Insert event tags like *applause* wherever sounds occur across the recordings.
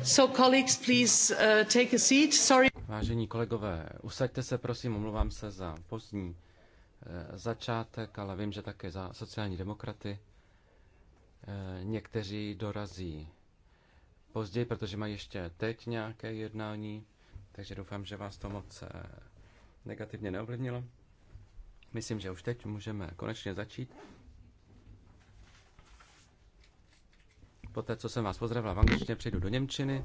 Uh, Vážení kolegové, usaďte se, prosím, omlouvám se za pozdní uh, začátek, ale vím, že také za sociální demokraty. Uh, někteří dorazí později, protože mají ještě teď nějaké jednání, takže doufám, že vás to moc negativně neovlivnilo. Myslím, že už teď můžeme konečně začít. Poté, co jsem vás pozdravila v angličtině, přejdu do Němčiny.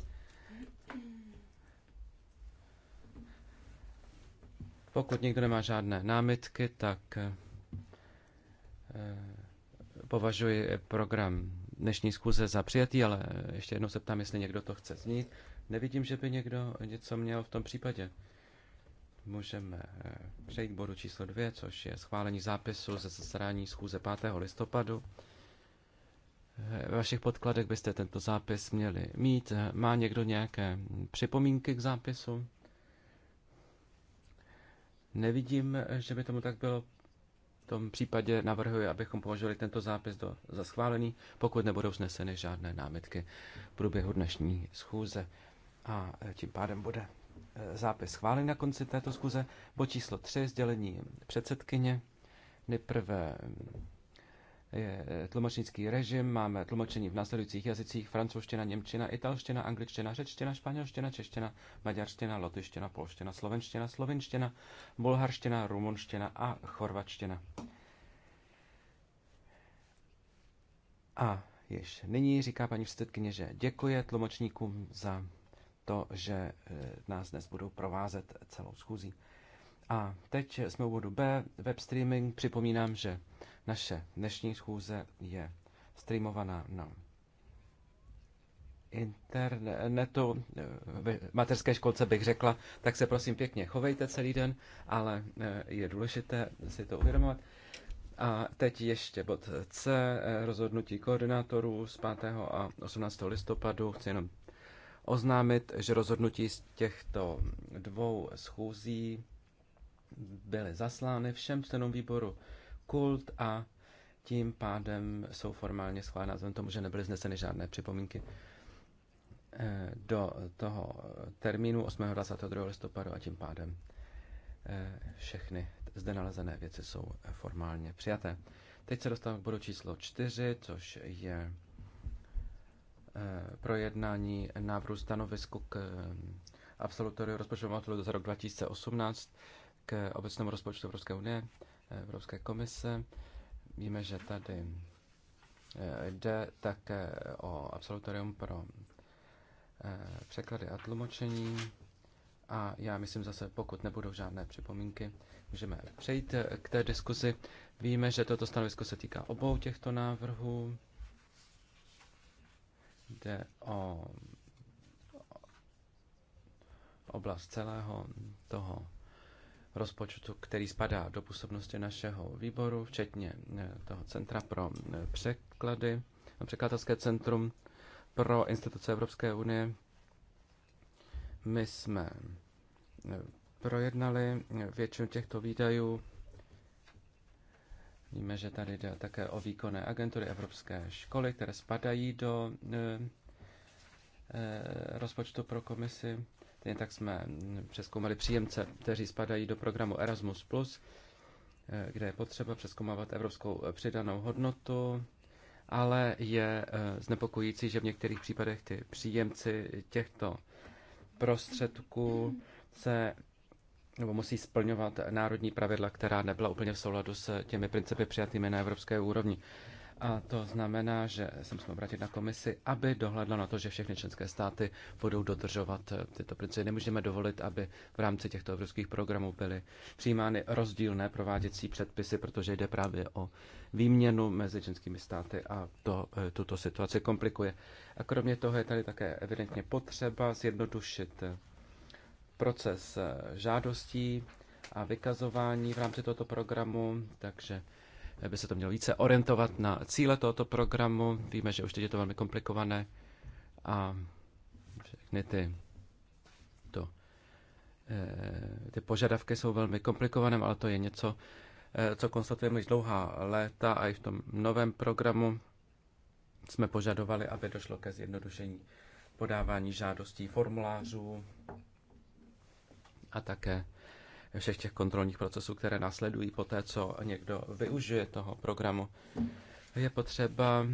Pokud někdo nemá žádné námitky, tak eh, považuji program dnešní zkuze za přijatý, ale ještě jednou se ptám, jestli někdo to chce znít, Nevidím, že by někdo něco měl v tom případě. Můžeme eh, přejít k bodu číslo dvě, což je schválení zápisu ze zasedání schůze 5. listopadu. Ve vašich podkladech byste tento zápis měli mít. Má někdo nějaké připomínky k zápisu? Nevidím, že by tomu tak bylo. V tom případě navrhuji, abychom položili tento zápis do, zaschválení, pokud nebudou sneseny žádné námitky v průběhu dnešní schůze. A tím pádem bude eh, zápis schválen na konci této schůze. Bo číslo 3, sdělení předsedkyně. Nejprve je eh, tlumočnický režim, máme tlumočení v následujících jazycích francouzština, němčina, italština, angličtina, řečtina, španělština, čeština, maďarština, lotyština, polština, slovenština, slovenština, bulharština, rumunština a chorvačtina. A již nyní říká paní předsedkyně, že děkuje tlumočníkům za to, že eh, nás dnes budou provázet celou schůzí. A teď jsme u bodu B, web streaming. Připomínám, že naše dnešní schůze je streamovaná na internetu, v mateřské školce bych řekla, tak se prosím pěkně chovejte celý den, ale e, je důležité si to uvědomovat. A teď ještě bod C, e, rozhodnutí koordinátorů z 5. a 18. listopadu. Chci jenom oznámit, že rozhodnutí z těchto dvou schůzí byly zaslány všem členům výboru kult a tím pádem jsou formálně schválena, vzhledem tomu, že nebyly zneseny žádné připomínky eh, do toho termínu 8. 22. listopadu a tím pádem eh, všechny zde nalezené věci jsou formálně přijaté. Teď se dostávám k bodu číslo 4, což je eh, projednání návrhu stanovisku k absolutoriu rozpočtového za rok 2018 k obecnému rozpočtu Evropské unie. Evropské komise. Víme, že tady eh, jde také o absolutorium pro eh, překlady a tlumočení. A já myslím zase, pokud nebudou žádné připomínky, můžeme přejít eh, k té diskuzi. Víme, že toto stanovisko se týká obou těchto návrhů. Jde o oblast celého toho rozpočtu, který spadá do působnosti našeho výboru, včetně eh, toho Centra pro eh, překlady, překladatelské centrum pro instituce Evropské unie. My jsme eh, projednali většinu těchto výdajů. Víme, že tady jde také o výkonné agentury Evropské školy, které spadají do rozpočtu pro komisi. Stejně tak jsme přeskoumali příjemce, kteří spadají do programu Erasmus+, eh, kde je potřeba přeskoumávat evropskou eh, přidanou hodnotu, ale je eh, znepokojící, že v některých případech ty příjemci těchto prostředků se nebo musí splňovat národní pravidla, která nebyla úplně v souladu s těmi principy přijatými na evropské úrovni. A to znamená, že se musíme obrátit na komisi, aby dohledla na to, že všechny členské státy budou dodržovat eh, tyto principy. Nemůžeme dovolit, aby v rámci těchto evropských programů byly přijímány rozdílné prováděcí předpisy, protože jde právě o výměnu mezi členskými státy a to eh, tuto situaci komplikuje. A kromě toho je tady také evidentně potřeba zjednodušit eh, proces žádostí a vykazování v rámci tohoto programu, takže by se to mělo více orientovat na cíle tohoto programu. Víme, že už teď je to velmi komplikované a všechny ty, to, eh, ty požadavky jsou velmi komplikované, ale to je něco, eh, co konstatujeme již dlouhá léta a i v tom novém programu jsme požadovali, aby došlo ke zjednodušení podávání žádostí formulářů a také všech těch kontrolních procesů, které následují po té, co někdo využije toho programu. Je potřeba,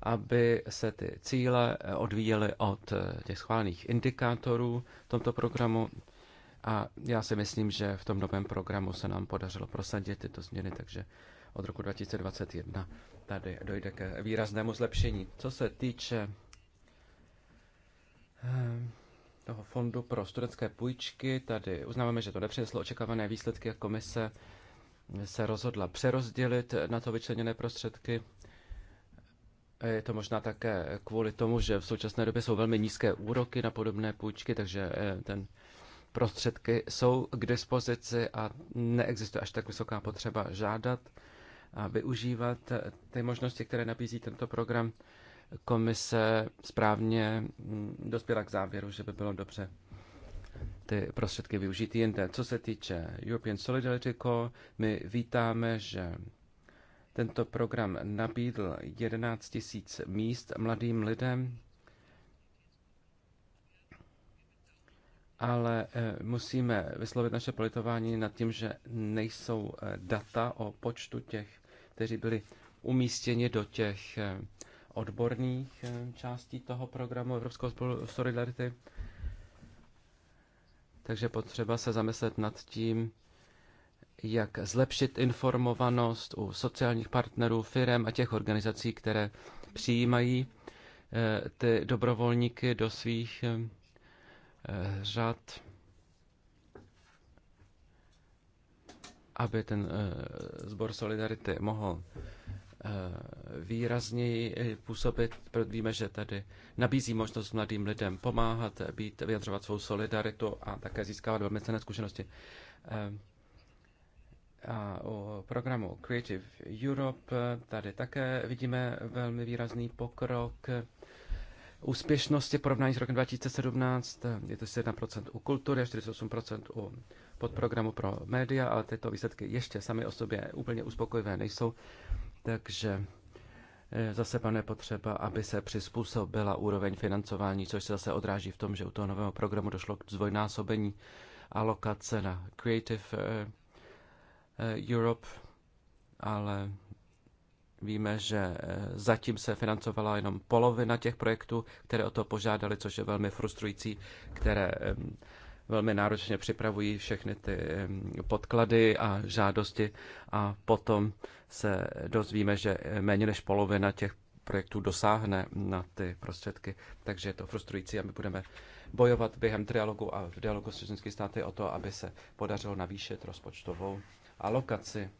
aby se ty cíle eh, odvíjely od eh, těch schválených indikátorů v tomto programu. A já si myslím, že v tom novém programu se nám podařilo prosadit tyto změny, takže od roku 2021 tady dojde ke výraznému zlepšení. Co se týče eh, toho fondu pro studentské půjčky. Tady uznáváme, že to nepřineslo očekávané výsledky a komise se rozhodla přerozdělit na to vyčleněné prostředky. Je to možná také kvůli tomu, že v současné době jsou velmi nízké úroky na podobné půjčky, takže eh, ten prostředky jsou k dispozici a neexistuje až tak vysoká potřeba žádat a využívat ty možnosti, které nabízí tento program komise správně mm, dospěla k závěru, že by bylo dobře ty prostředky využít jinde. Co se týče European Solidarity Corps, my vítáme, že tento program nabídl 11 000 míst mladým lidem, ale eh, musíme vyslovit naše politování nad tím, že nejsou eh, data o počtu těch, kteří byli umístěni do těch eh, odborných eh, částí toho programu Evropského Solidarity. Takže potřeba se zamyslet nad tím, jak zlepšit informovanost u sociálních partnerů, firm a těch organizací, které přijímají eh, ty dobrovolníky do svých eh, řad, aby ten sbor Solidarity mohl Eh, výrazněji eh, působit, víme, že tady nabízí možnost mladým lidem pomáhat, eh, být, vyjadřovat svou solidaritu a také získávat velmi cené zkušenosti. A o programu Creative Europe tady také vidíme velmi výrazný pokrok úspěšnosti porovnání s rokem 2017. Je to 7% u kultury a 48% u podprogramu pro média, ale tyto výsledky ještě sami o sobě úplně uspokojivé nejsou. Takže e, zase pane potřeba, aby se přizpůsobila úroveň financování, což se zase odráží v tom, že u toho nového programu došlo k zdvojnásobení alokace na Creative e, e, Europe, ale Víme, že zatím se financovala jenom polovina těch projektů, které o to požádali, což je velmi frustrující, které velmi náročně připravují všechny ty podklady a žádosti a potom se dozvíme, že méně než polovina těch projektů dosáhne na ty prostředky. Takže je to frustrující a my budeme bojovat během trialogu a v dialogu s českými státy o to, aby se podařilo navýšit rozpočtovou alokaci.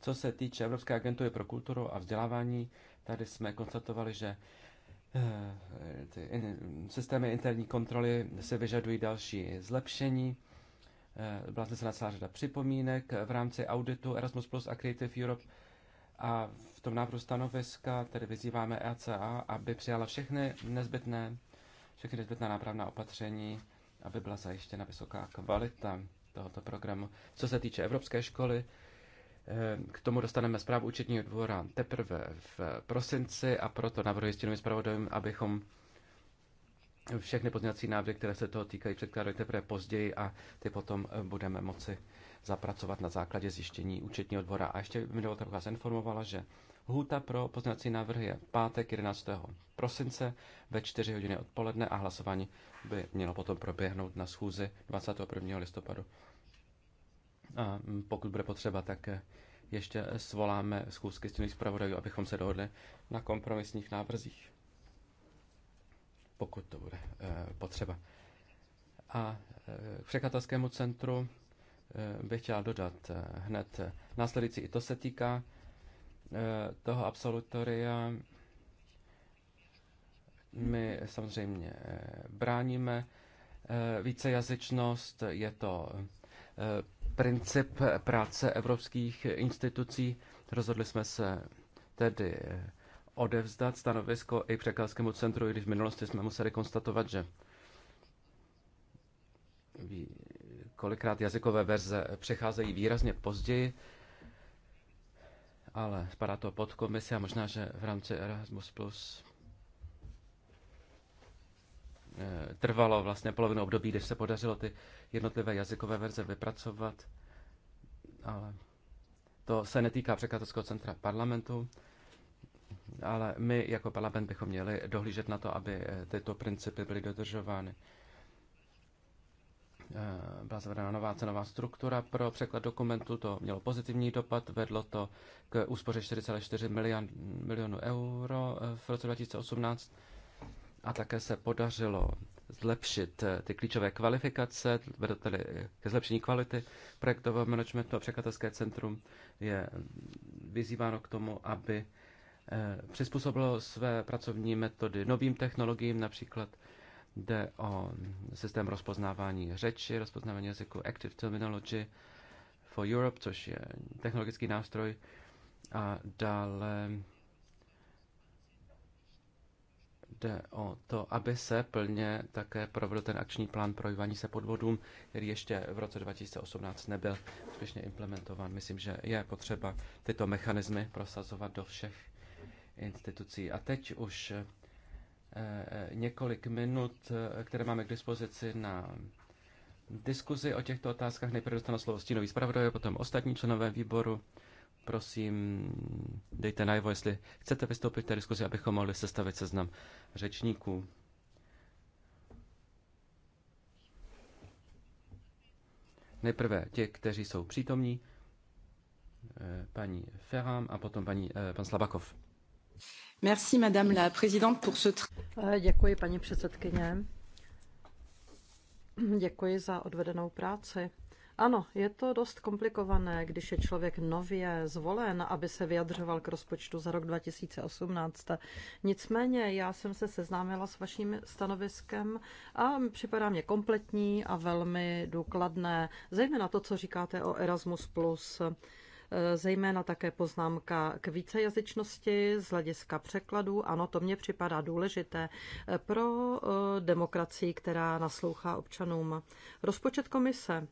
Co se týče Evropské agentury pro kulturu a vzdělávání, tady jsme konstatovali, že Eh, ty systémy interní kontroly se vyžadují další zlepšení. Eh, byla se na celá řada připomínek v rámci auditu Erasmus Plus a Creative Europe a v tom návrhu stanoviska tedy vyzýváme ECA, aby přijala všechny nezbytné, všechny nezbytná nápravná opatření, aby byla zajištěna vysoká kvalita tohoto programu. Co se týče Evropské školy, k tomu dostaneme zprávu účetního dvora teprve v prosinci a proto navrhuji stínovým zpravodajům, abychom všechny pozměňovací návrhy, které se toho týkají, předkládali teprve později a ty potom budeme moci zapracovat na základě zjištění účetního dvora. A ještě mi dovolte, abych vás informovala, že hůta pro pozměňovací návrhy je pátek 11. prosince ve 4 hodiny odpoledne a hlasování by mělo potom proběhnout na schůzi 21. listopadu. A pokud bude potřeba, tak eh, ještě svoláme schůzky s těmi zpravodajů, abychom se dohodli na kompromisních návrzích, pokud to bude eh, potřeba. A eh, k překladatelskému centru bych chtěl dodat hned následující. I to se týká toho absolutoria. My samozřejmě bráníme vícejazyčnost, je to princip práce evropských institucí. Rozhodli jsme se tedy odevzdat stanovisko i překladskému centru, i když v minulosti jsme museli konstatovat, že kolikrát jazykové verze přecházejí výrazně později, ale spadá to pod komisi a možná, že v rámci Erasmus Plus Eh, trvalo vlastně polovinu období, když se podařilo ty jednotlivé jazykové verze vypracovat, ale to se netýká překladatelského centra parlamentu, ale my jako parlament bychom měli dohlížet na to, aby eh, tyto principy byly dodržovány. Eh, byla zavedena nová cenová struktura pro překlad dokumentu, to mělo pozitivní dopad, vedlo to k úspoře 4,4 milion, milionů euro v roce 2018 a také se podařilo zlepšit eh, ty klíčové kvalifikace, vede tedy eh, ke zlepšení kvality projektového managementu a překladatelské centrum je vyzýváno k tomu, aby eh, přizpůsobilo své pracovní metody novým technologiím, například jde o systém rozpoznávání řeči, rozpoznávání jazyku Active Terminology for Europe, což je technologický nástroj, a dále jde o to, aby se plně také provedl ten akční plán projívání se podvodům, který ještě v roce 2018 nebyl úspěšně implementován. Myslím, že je potřeba tyto mechanismy prosazovat do všech institucí. A teď už eh, eh, několik minut, eh, které máme k dispozici na diskuzi o těchto otázkách. Nejprve dostanu slovo stínový zpravodaj, potom ostatní členové výboru. Prosím, dejte najevo, jestli chcete vystoupit v té diskuzi, abychom mohli sestavit seznam řečníků. Nejprve ti, kteří jsou přítomní, eh, paní Ferram a potom paní, eh, pan Slabakov. Merci, madame la présidente, pour ce... Eh, děkuji, paní předsedkyně. Děkuji za odvedenou práci. Ano, je to dost komplikované, když je člověk nově zvolen, aby se vyjadřoval k rozpočtu za rok 2018. Nicméně já jsem se seznámila s vaším stanoviskem a připadá mě kompletní a velmi důkladné, zejména to, co říkáte o Erasmus+, zejména také poznámka k vícejazyčnosti z hlediska překladů. Ano, to mně připadá důležité pro eh, demokracii, která naslouchá občanům. Rozpočet komise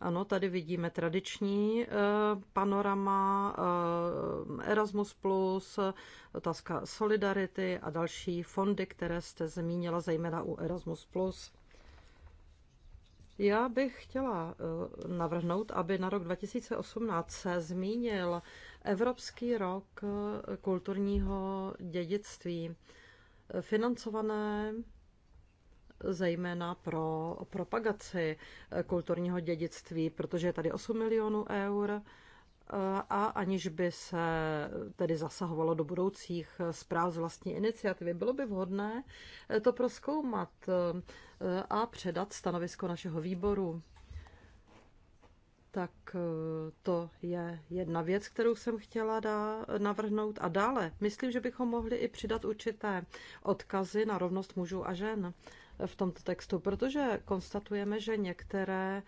ano, tady vidíme tradiční eh, panorama eh, Erasmus+, otázka Solidarity a další fondy, které jste zmínila, zejména u Erasmus+. Já bych chtěla eh, navrhnout, aby na rok 2018 se zmínil Evropský rok kulturního dědictví, financované zejména pro propagaci eh, kulturního dědictví, protože je tady 8 milionů eur eh, a aniž by se tedy zasahovalo do budoucích eh, zpráv z vlastní iniciativy, bylo by vhodné to proskoumat a předat stanovisko našeho výboru. Tak to je jedna věc, kterou jsem chtěla dá, navrhnout. A dále, myslím, že bychom mohli i přidat určité odkazy na rovnost mužů a žen v tomto textu, protože konstatujeme, že některé e,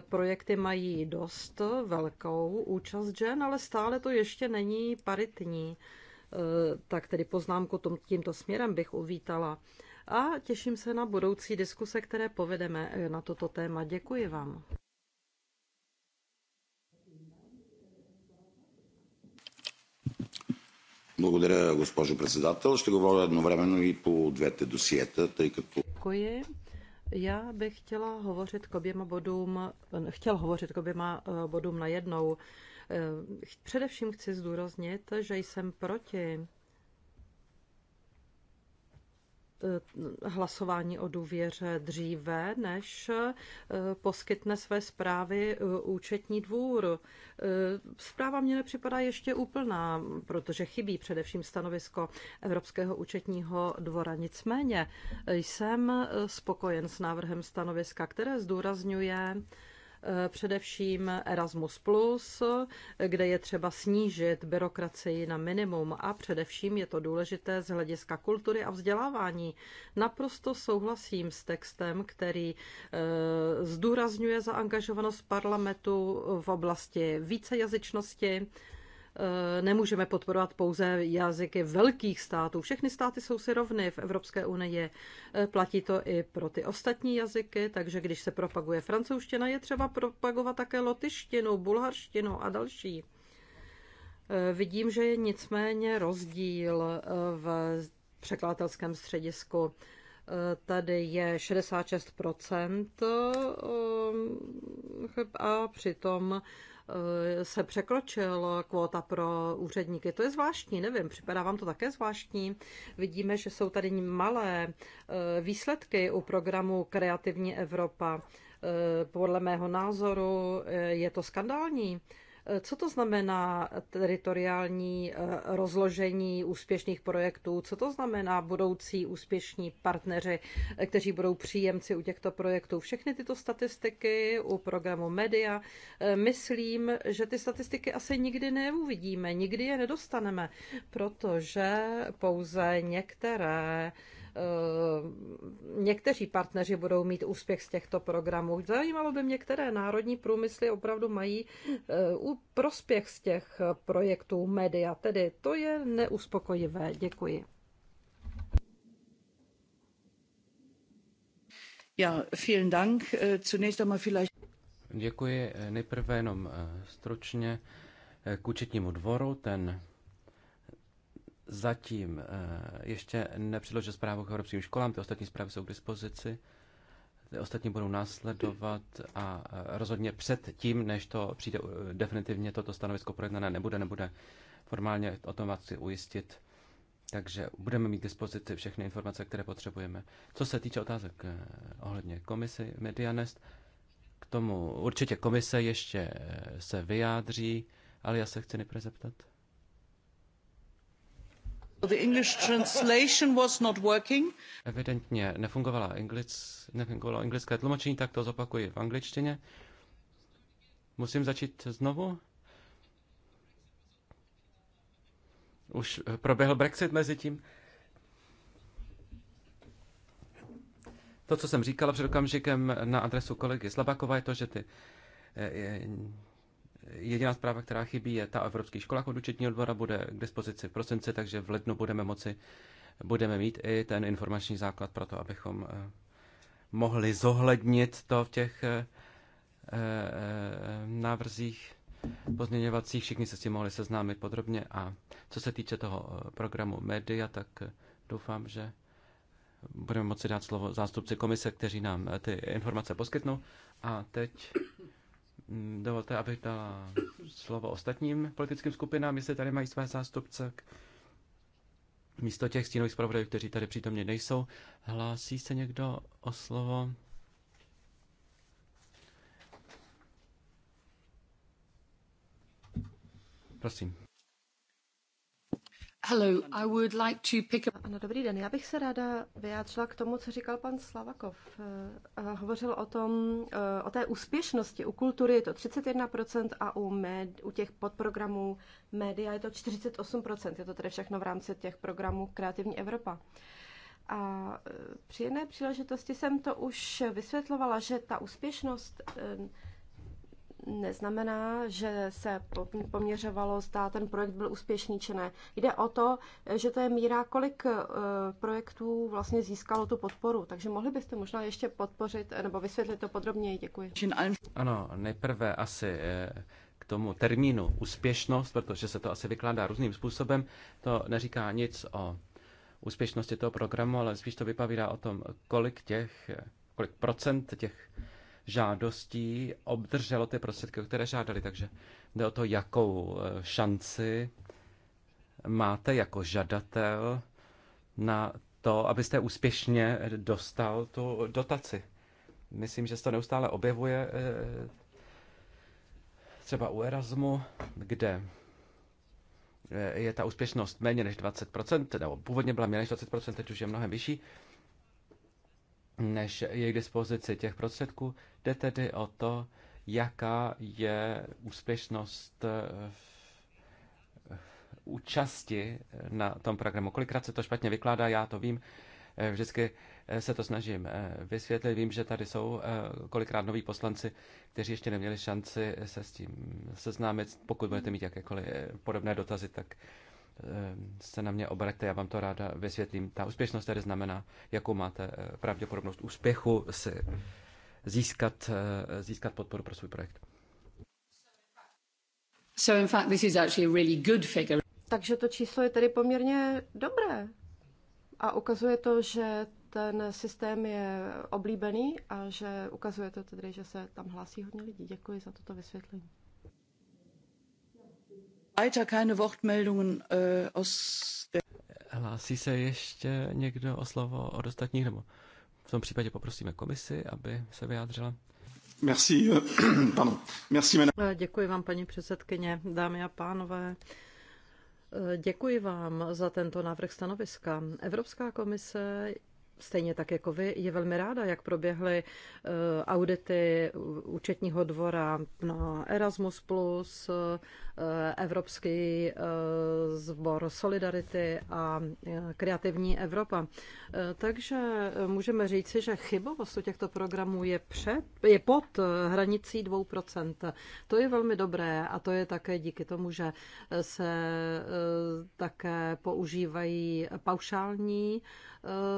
projekty mají dost velkou účast žen, ale stále to ještě není paritní. E, tak tedy poznámku tímto směrem bych uvítala. A těším se na budoucí diskuse, které povedeme e, na toto téma. Děkuji vám. Благодаря, госпожо председател. Ще говоря едновременно и по двете досиета, тъй като... Děkuji. Já bych chtěla hovořit k oběma bodům, chtěl hovořit k oběma eh, bodům najednou. Eh, především chci zdůraznit, že jsem proti Eh, hlasování o důvěře dříve, než eh, poskytne své zprávy eh, účetní dvůr. Zpráva mě nepřipadá ještě úplná, protože chybí především stanovisko Evropského účetního dvora. Nicméně jsem spokojen s návrhem stanoviska, které zdůrazňuje, Eh, především Erasmus+, kde je třeba snížit byrokracii na minimum a především je to důležité z hlediska kultury a vzdělávání. Naprosto souhlasím s textem, který eh, zdůrazňuje zaangažovanost parlamentu v oblasti vícejazyčnosti, Eh, nemůžeme podporovat pouze jazyky velkých států. Všechny státy jsou si rovny v Evropské unii. Eh, platí to i pro ty ostatní jazyky, takže když se propaguje francouzština, je třeba propagovat také lotyštinu, bulharštinu a další. Eh, vidím, že je nicméně rozdíl v překladatelském středisku. Tady je 66% a přitom Eh, se překročil kvóta pro úředníky. To je zvláštní, nevím, připadá vám to také zvláštní. Vidíme, že jsou tady malé eh, výsledky u programu Kreativní Evropa. Eh, podle mého názoru je to skandální. Co to znamená teritoriální eh, rozložení úspěšných projektů? Co to znamená budoucí úspěšní partneři, eh, kteří budou příjemci u těchto projektů? Všechny tyto statistiky u programu Media, eh, myslím, že ty statistiky asi nikdy neuvidíme, nikdy je nedostaneme, protože pouze některé Eh, někteří partneři budou mít úspěch z těchto programů. Zajímalo by mě, které národní průmysly opravdu mají eh, prospěch z těch projektů média. Tedy to je neuspokojivé. Děkuji. Ja, vielen Dank. Äh, zunächst einmal vielleicht... Děkuji. Nejprve jenom eh, stručně k účetnímu dvoru. Ten zatím eh, ještě nepředložil zprávu k evropským školám, ty ostatní zprávy jsou k dispozici, ty ostatní budou následovat a eh, rozhodně před tím, než to přijde eh, definitivně toto stanovisko projednané nebude, nebude formálně o tom vás chci ujistit. Takže budeme mít k dispozici všechny informace, které potřebujeme. Co se týče otázek ohledně komisy Medianest, k tomu určitě komise ještě se vyjádří, ale já se chci nejprve zeptat. The English translation was not working. Evidentně nefungovala anglic, nefungovalo anglické tlumočení, tak to zopakuji v angličtině. Musím začít znovu? Už proběhl Brexit mezi tím. To, co jsem říkala před okamžikem na adresu kolegy Slabakova, je to, že ty eh, Jediná zpráva, která chybí, je ta o evropských školách od účetního dvora, bude k dispozici v prosinci, takže v lednu budeme moci, budeme mít i ten informační základ pro to, abychom eh, mohli zohlednit to v těch eh, eh, návrzích pozměňovacích. Všichni se s tím mohli seznámit podrobně a co se týče toho programu média, tak doufám, že budeme moci dát slovo zástupci komise, kteří nám ty informace poskytnou. A teď Dovolte, abych dala slovo ostatním politickým skupinám, jestli tady mají své zástupce. Místo těch stínových zpravodajů, kteří tady přítomně nejsou, hlásí se někdo o slovo? Prosím. Hello, I would like to pick up... Ano, dobrý den. Já bych se ráda vyjádřila k tomu, co říkal pan Slavakov. Eh, hovořil o tom, eh, o té úspěšnosti. U kultury je to 31% a u, med, u těch podprogramů média je to 48%. Je to tedy všechno v rámci těch programů Kreativní Evropa. A eh, při jedné příležitosti jsem to už vysvětlovala, že ta úspěšnost neznamená, že se poměřovalo, zda ten projekt byl úspěšný či ne. Jde o to, že to je míra, kolik eh, projektů vlastně získalo tu podporu. Takže mohli byste možná ještě podpořit eh, nebo vysvětlit to podrobněji. Děkuji. Ano, nejprve asi eh, k tomu termínu úspěšnost, protože se to asi vykládá různým způsobem. To neříká nic o úspěšnosti toho programu, ale spíš to vypovídá o tom, kolik těch, kolik procent těch žádostí obdrželo ty prostředky, o které žádali. Takže jde o to, jakou eh, šanci máte jako žadatel na to, abyste úspěšně dostal tu dotaci. Myslím, že se to neustále objevuje eh, třeba u Erasmu, kde eh, je ta úspěšnost méně než 20%, nebo původně byla méně než 20%, teď už je mnohem vyšší než je k dispozici těch prostředků. Jde tedy o to, jaká je úspěšnost eh, účasti na tom programu. Kolikrát se to špatně vykládá, já to vím. Eh, vždycky eh, se to snažím vysvětlit. Vím, že tady jsou kolikrát noví poslanci, kteří ještě neměli šanci se s tím seznámit. Pokud budete mít jakékoliv podobné dotazy, tak Eh, se na mě obraťte, já vám to ráda vysvětlím. Ta úspěšnost tedy znamená, jakou máte eh, pravděpodobnost úspěchu si získat, eh, získat podporu pro svůj projekt. So in fact, this is actually a really good figure. Takže to číslo je tedy poměrně dobré. A ukazuje to, že ten systém je oblíbený a že ukazuje to tedy, že se tam hlásí hodně lidí. Děkuji za toto vysvětlení. Alter keine Wortmeldungen äh, aus der... Hlásí se ještě někdo o slovo od ostatních? Nebo v tom případě poprosíme komisi, aby se vyjádřila. Merci, euh, *clears throat* pardon. Merci, eh, Děkuji vám, paní předsedkyně, dámy a pánové. Eh, děkuji vám za tento návrh stanoviska. Evropská komise stejně tak jako vy, je velmi ráda, jak proběhly eh, audity účetního dvora na Erasmus+, eh, Evropský eh, sbor Solidarity a Kreativní Evropa. Takže můžeme říci, že chybovost u těchto programů je, před, je pod hranicí 2%. To je velmi dobré a to je také díky tomu, že se také používají paušální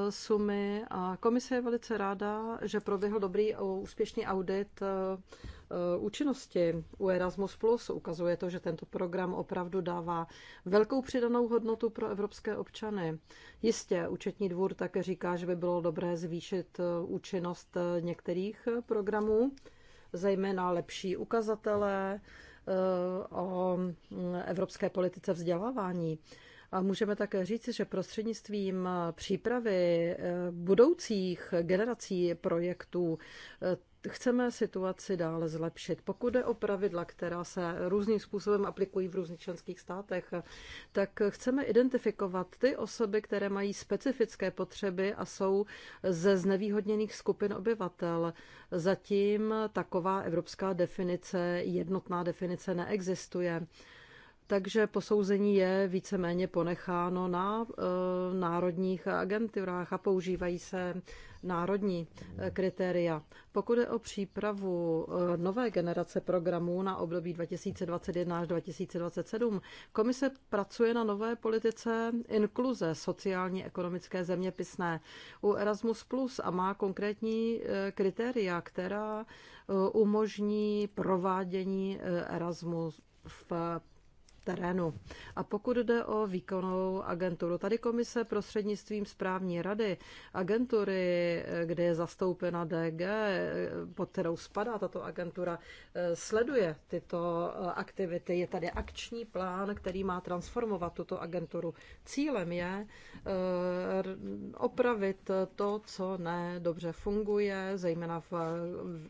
sumy, programy a komise je velice ráda, že proběhl dobrý úspěšný audit eh, eh, účinnosti u Erasmus+. Ukazuje to, že tento program opravdu dává velkou přidanou hodnotu pro evropské občany. Jistě, účetní dvůr také říká, že by bylo dobré zvýšit eh, účinnost některých programů, zejména lepší ukazatele o mm, evropské politice vzdělávání. A můžeme také říci, že prostřednictvím přípravy eh, budoucích generací projektů eh, chceme situaci dále zlepšit. Pokud jde o pravidla, která se různým způsobem aplikují v různých členských státech, tak chceme identifikovat ty osoby, které mají specifické potřeby a jsou ze znevýhodněných skupin obyvatel. Zatím taková evropská definice, jednotná definice neexistuje takže posouzení je víceméně ponecháno na eh, národních agenturách a používají se národní eh, kritéria. Pokud je o přípravu eh, nové generace programů na období 2021 až 2027, komise pracuje na nové politice inkluze sociální, ekonomické, zeměpisné u Erasmus Plus a má konkrétní kritéria, která umožní provádění Erasmus v terénu. A pokud jde o výkonnou agenturu, tady komise prostřednictvím správní rady agentury, eh, kde je zastoupena DG, eh, pod kterou spadá tato agentura, eh, sleduje tyto aktivity. Je tady akční plán, který má transformovat tuto agenturu. Cílem je opravit to, co nedobře funguje, zejména v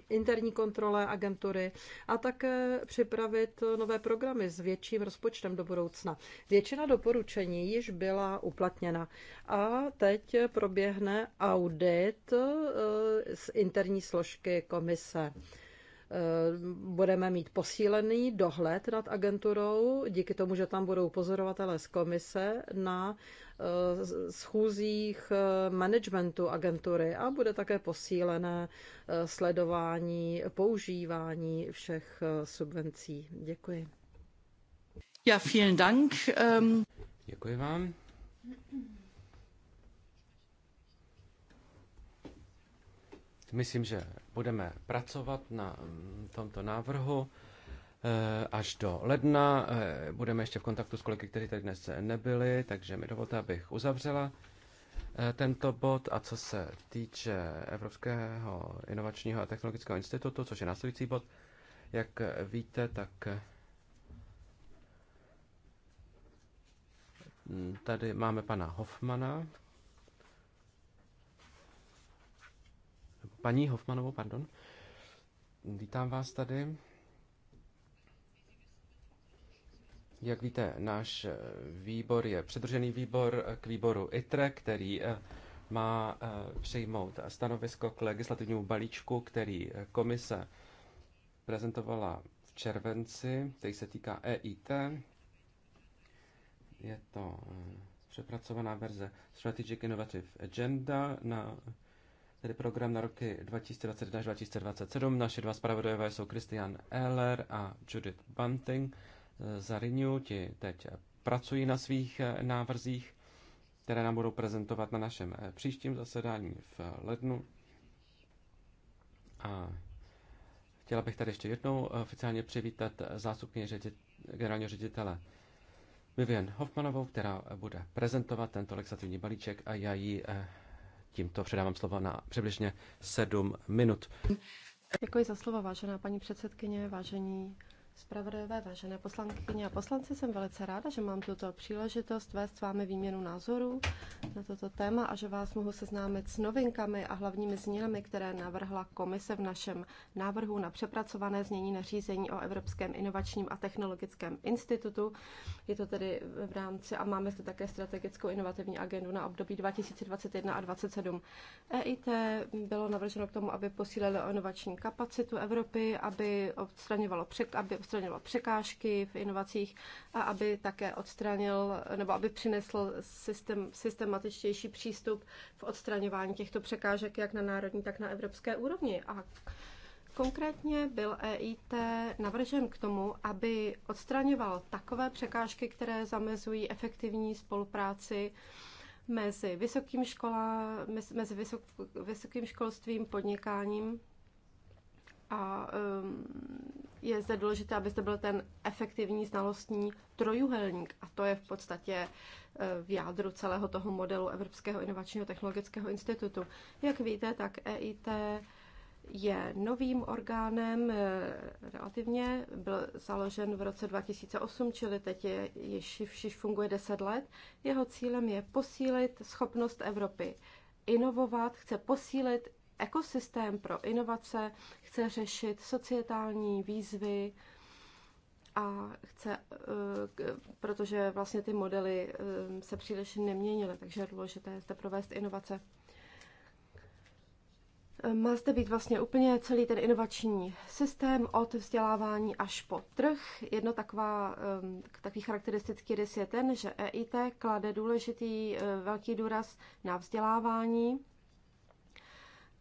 interní kontrole agentury a také připravit nové programy s větším rozpočtem rozpočtem do budoucna. Většina doporučení již byla uplatněna a teď proběhne audit e, z interní složky komise e, budeme mít posílený dohled nad agenturou, díky tomu, že tam budou pozorovatelé z komise na e, schůzích managementu agentury a bude také posílené sledování používání všech subvencí. Děkuji. Ähm, Děkuji vám. Myslím, že budeme pracovat na mm, tomto návrhu eh, až do ledna. Eh, budeme ještě v kontaktu s kolegy, kteří tady dnes nebyli, takže mi dovolte, abych uzavřela eh, tento bod. A co se týče Evropského inovačního a technologického institutu, což je následující bod, jak víte, tak Tady máme pana Hoffmana. Paní Hoffmanovou, pardon. Vítám vás tady. Jak víte, náš výbor je předržený výbor k výboru ITRE, který eh, má eh, přijmout stanovisko k legislativnímu balíčku, který eh, komise prezentovala v červenci, který se týká EIT, je to eh, přepracovaná verze Strategic Innovative Agenda na tedy program na roky 2021 až 2027. Naše dva zpravodajové jsou Christian Eller a Judith Bunting. Eh, za Renew ti teď pracují na svých eh, návrzích, které nám budou prezentovat na našem příštím zasedání v lednu. A chtěla bych tady ještě jednou oficiálně přivítat zástupně ředit, generálního ředitele Vivian Hoffmanovou, která eh, bude prezentovat tento legislativní balíček a já jí eh, tímto předávám slovo na přibližně sedm minut. Děkuji za slovo, vážená paní předsedkyně, vážení Spravedlivé, vážené poslankyně a poslanci, jsem velice ráda, že mám tuto příležitost vést s vámi výměnu názorů na toto téma a že vás mohu seznámit s novinkami a hlavními změnami, které navrhla komise v našem návrhu na přepracované změní nařízení o Evropském inovačním a technologickém institutu. Je to tedy v rámci a máme zde také strategickou inovativní agendu na období 2021 a 2027. EIT bylo navrženo k tomu, aby posílili inovační kapacitu Evropy, aby odstraňovalo překážky, aby odstraňoval překážky v inovacích a aby také odstranil nebo aby přinesl systém, systematičtější přístup v odstraňování těchto překážek jak na národní, tak na evropské úrovni. A Konkrétně byl EIT navržen k tomu, aby odstraňoval takové překážky, které zamezují efektivní spolupráci mezi vysokým, škola, mezi vysok, vysokým školstvím, podnikáním a um, je zde důležité, abyste byl ten efektivní znalostní trojuhelník a to je v podstatě e, v jádru celého toho modelu Evropského inovačního technologického institutu. Jak víte, tak EIT je novým orgánem e, relativně, byl založen v roce 2008, čili teď je, již, již funguje 10 let. Jeho cílem je posílit schopnost Evropy inovovat, chce posílit ekosystém pro inovace, chce řešit societální výzvy a chce, eh, protože vlastně ty modely eh, se příliš neměnily, takže je důležité zde provést inovace. Eh, má zde být vlastně úplně celý ten inovační systém od vzdělávání až po trh. Jedno taková, takový charakteristický rys je ten, že EIT klade důležitý velký důraz na vzdělávání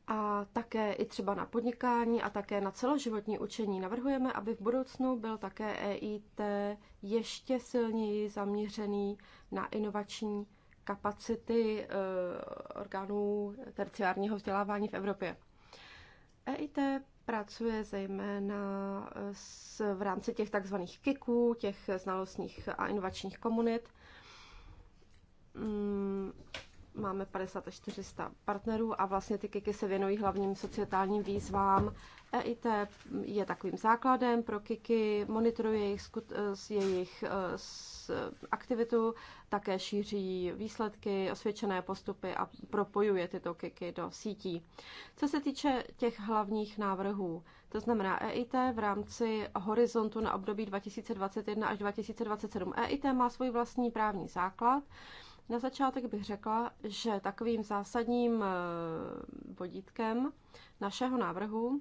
a také i třeba na podnikání a také na celoživotní učení. Navrhujeme, aby v budoucnu byl také EIT ještě silněji zaměřený na inovační kapacity eh, orgánů terciárního vzdělávání v Evropě. EIT pracuje zejména eh, s, v rámci těch takzvaných KIKů, těch znalostních a inovačních komunit. Mm, máme 50 až 400 partnerů a vlastně ty KIKy se věnují hlavním societálním výzvám. EIT je takovým základem pro KIKy, monitoruje jejich, skut, eh, jejich eh, aktivitu, také šíří výsledky, osvědčené postupy a propojuje tyto KIKy do sítí. Co se týče těch hlavních návrhů, to znamená EIT v rámci horizontu na období 2021 až 2027. EIT má svůj vlastní právní základ, na začátek bych řekla, že takovým zásadním eh, vodítkem našeho návrhu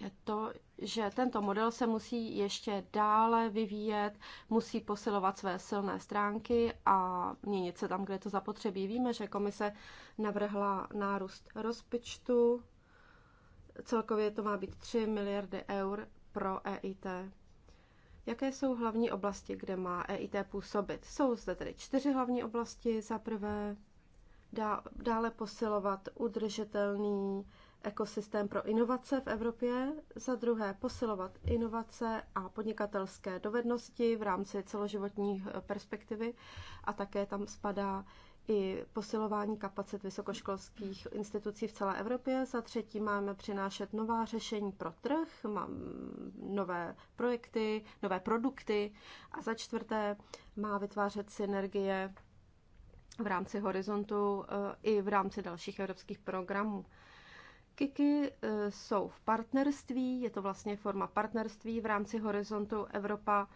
je to, že tento model se musí ještě dále vyvíjet, musí posilovat své silné stránky a měnit se tam, kde to zapotřebí. Víme, že komise navrhla nárůst rozpočtu. Celkově to má být 3 miliardy eur pro EIT. Jaké jsou hlavní oblasti, kde má EIT působit? Jsou zde tedy čtyři hlavní oblasti. Za prvé dále posilovat udržitelný ekosystém pro inovace v Evropě, za druhé posilovat inovace a podnikatelské dovednosti v rámci celoživotní perspektivy a také tam spadá i posilování kapacit vysokoškolských institucí v celé Evropě. Za třetí máme přinášet nová řešení pro trh, mám nové projekty, nové produkty. A za čtvrté má vytvářet synergie v rámci horizontu eh, i v rámci dalších evropských programů. Kiky eh, jsou v partnerství, je to vlastně forma partnerství v rámci horizontu Evropa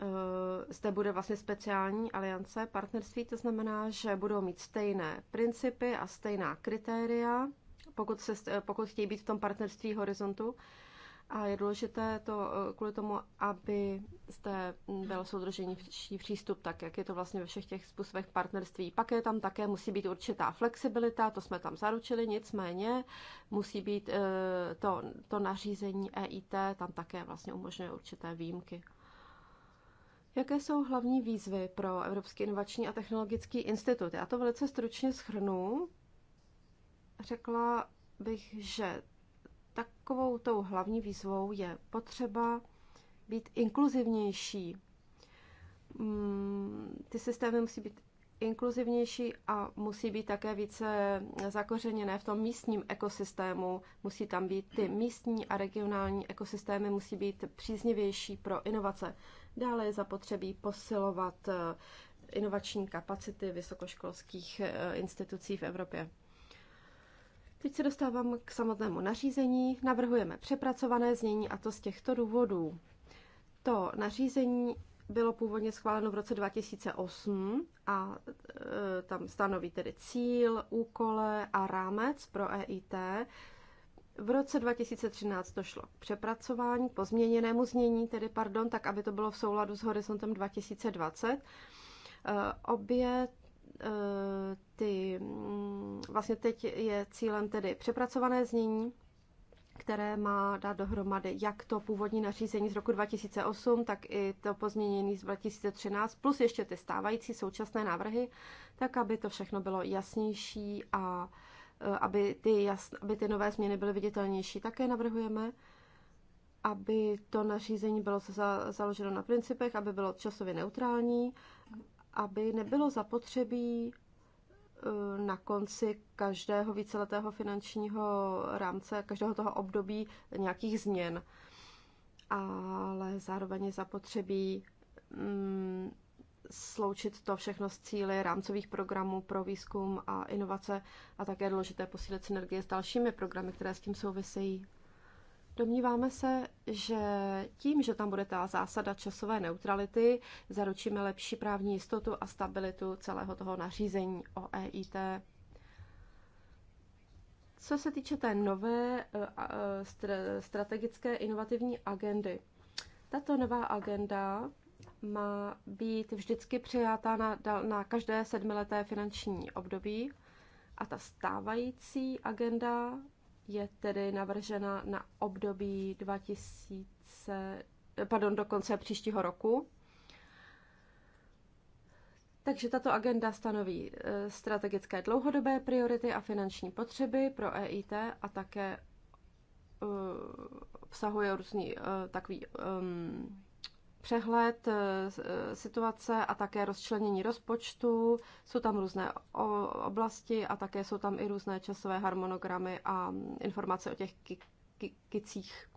Eh, zde bude vlastně speciální aliance partnerství, to znamená, že budou mít stejné principy a stejná kritéria, pokud, se, pokud chtějí být v tom partnerství horizontu. A je důležité to eh, kvůli tomu, aby zde byl soudržení přístup, tak jak je to vlastně ve všech těch způsobech partnerství. Pak je tam také musí být určitá flexibilita, to jsme tam zaručili, nicméně musí být eh, to, to nařízení EIT, tam také vlastně umožňuje určité výjimky. Jaké jsou hlavní výzvy pro Evropský inovační a technologický institut? Já to velice stručně schrnu. Řekla bych, že takovou tou hlavní výzvou je potřeba být inkluzivnější. Mm, ty systémy musí být inkluzivnější a musí být také více zakořeněné v tom místním ekosystému. Musí tam být ty místní a regionální ekosystémy, musí být příznivější pro inovace. Dále je zapotřebí posilovat eh, inovační kapacity vysokoškolských eh, institucí v Evropě. Teď se dostávám k samotnému nařízení. Navrhujeme přepracované znění a to z těchto důvodů. To nařízení bylo původně schváleno v roce 2008 a e, tam stanoví tedy cíl, úkole a rámec pro EIT v roce 2013 došlo k přepracování, pozměněnému znění, tedy pardon, tak aby to bylo v souladu s horizontem 2020. Eh, obě eh, ty, mm, vlastně teď je cílem tedy přepracované znění, které má dát dohromady jak to původní nařízení z roku 2008, tak i to pozměněné z 2013, plus ještě ty stávající současné návrhy, tak aby to všechno bylo jasnější a uh, Eh, aby ty, jasn, aby ty nové změny byly viditelnější. Také navrhujeme, aby to nařízení bylo za, založeno na principech, aby bylo časově neutrální, aby nebylo zapotřebí eh, na konci každého víceletého finančního rámce, každého toho období nějakých změn. Ale zároveň zapotřebí mm, sloučit to všechno s cíly rámcových programů pro výzkum a inovace a také důležité posílit synergie s dalšími programy, které s tím souvisejí. Domníváme se, že tím, že tam bude ta zásada časové neutrality, zaručíme lepší právní jistotu a stabilitu celého toho nařízení o EIT. Co se týče té nové eh, eh, strategické inovativní agendy, tato nová agenda má být vždycky přijata na, na každé sedmileté finanční období a ta stávající agenda je tedy navržena na období 2000, pardon, do konce příštího roku. Takže tato agenda stanoví eh, strategické dlouhodobé priority a finanční potřeby pro EIT a také eh, obsahuje různý eh, takový um, přehled eh, eh, situace a také rozčlenění rozpočtu. Jsou tam různé oblasti a také jsou tam i různé časové harmonogramy a informace o těch kicích.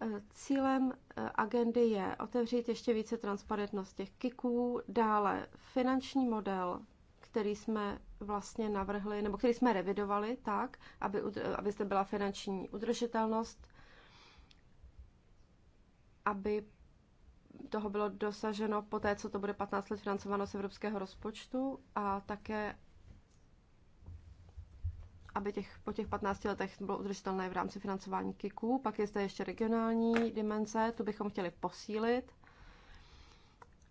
Eh, cílem agendy je otevřít ještě více transparentnost těch kiků, dále finanční model, který jsme vlastně navrhli, nebo který jsme revidovali tak, aby, aby zde byla finanční udržitelnost, aby toho bylo dosaženo po té, co to bude 15 let financováno z evropského rozpočtu a také aby těch, po těch 15 letech bylo udržitelné v rámci financování KIKů. Pak je zde ještě regionální dimenze, tu bychom chtěli posílit.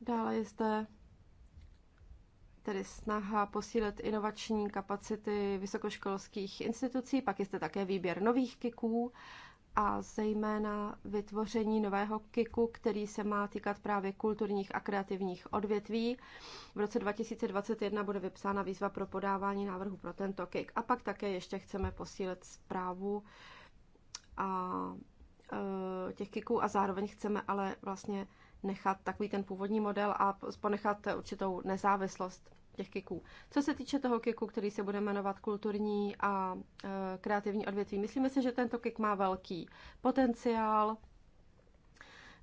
Dále je zde tedy snaha posílit inovační kapacity vysokoškolských institucí, pak je zde také výběr nových KIKů a zejména vytvoření nového kiku, který se má týkat právě kulturních a kreativních odvětví. V roce 2021 bude vypsána výzva pro podávání návrhu pro tento kik. A pak také ještě chceme posílit zprávu a e, těch kiků a zároveň chceme ale vlastně nechat takový ten původní model a ponechat určitou nezávislost těch kiků. Co se týče toho kiku, který se bude jmenovat kulturní a e, kreativní odvětví, myslíme si, že tento kik má velký potenciál,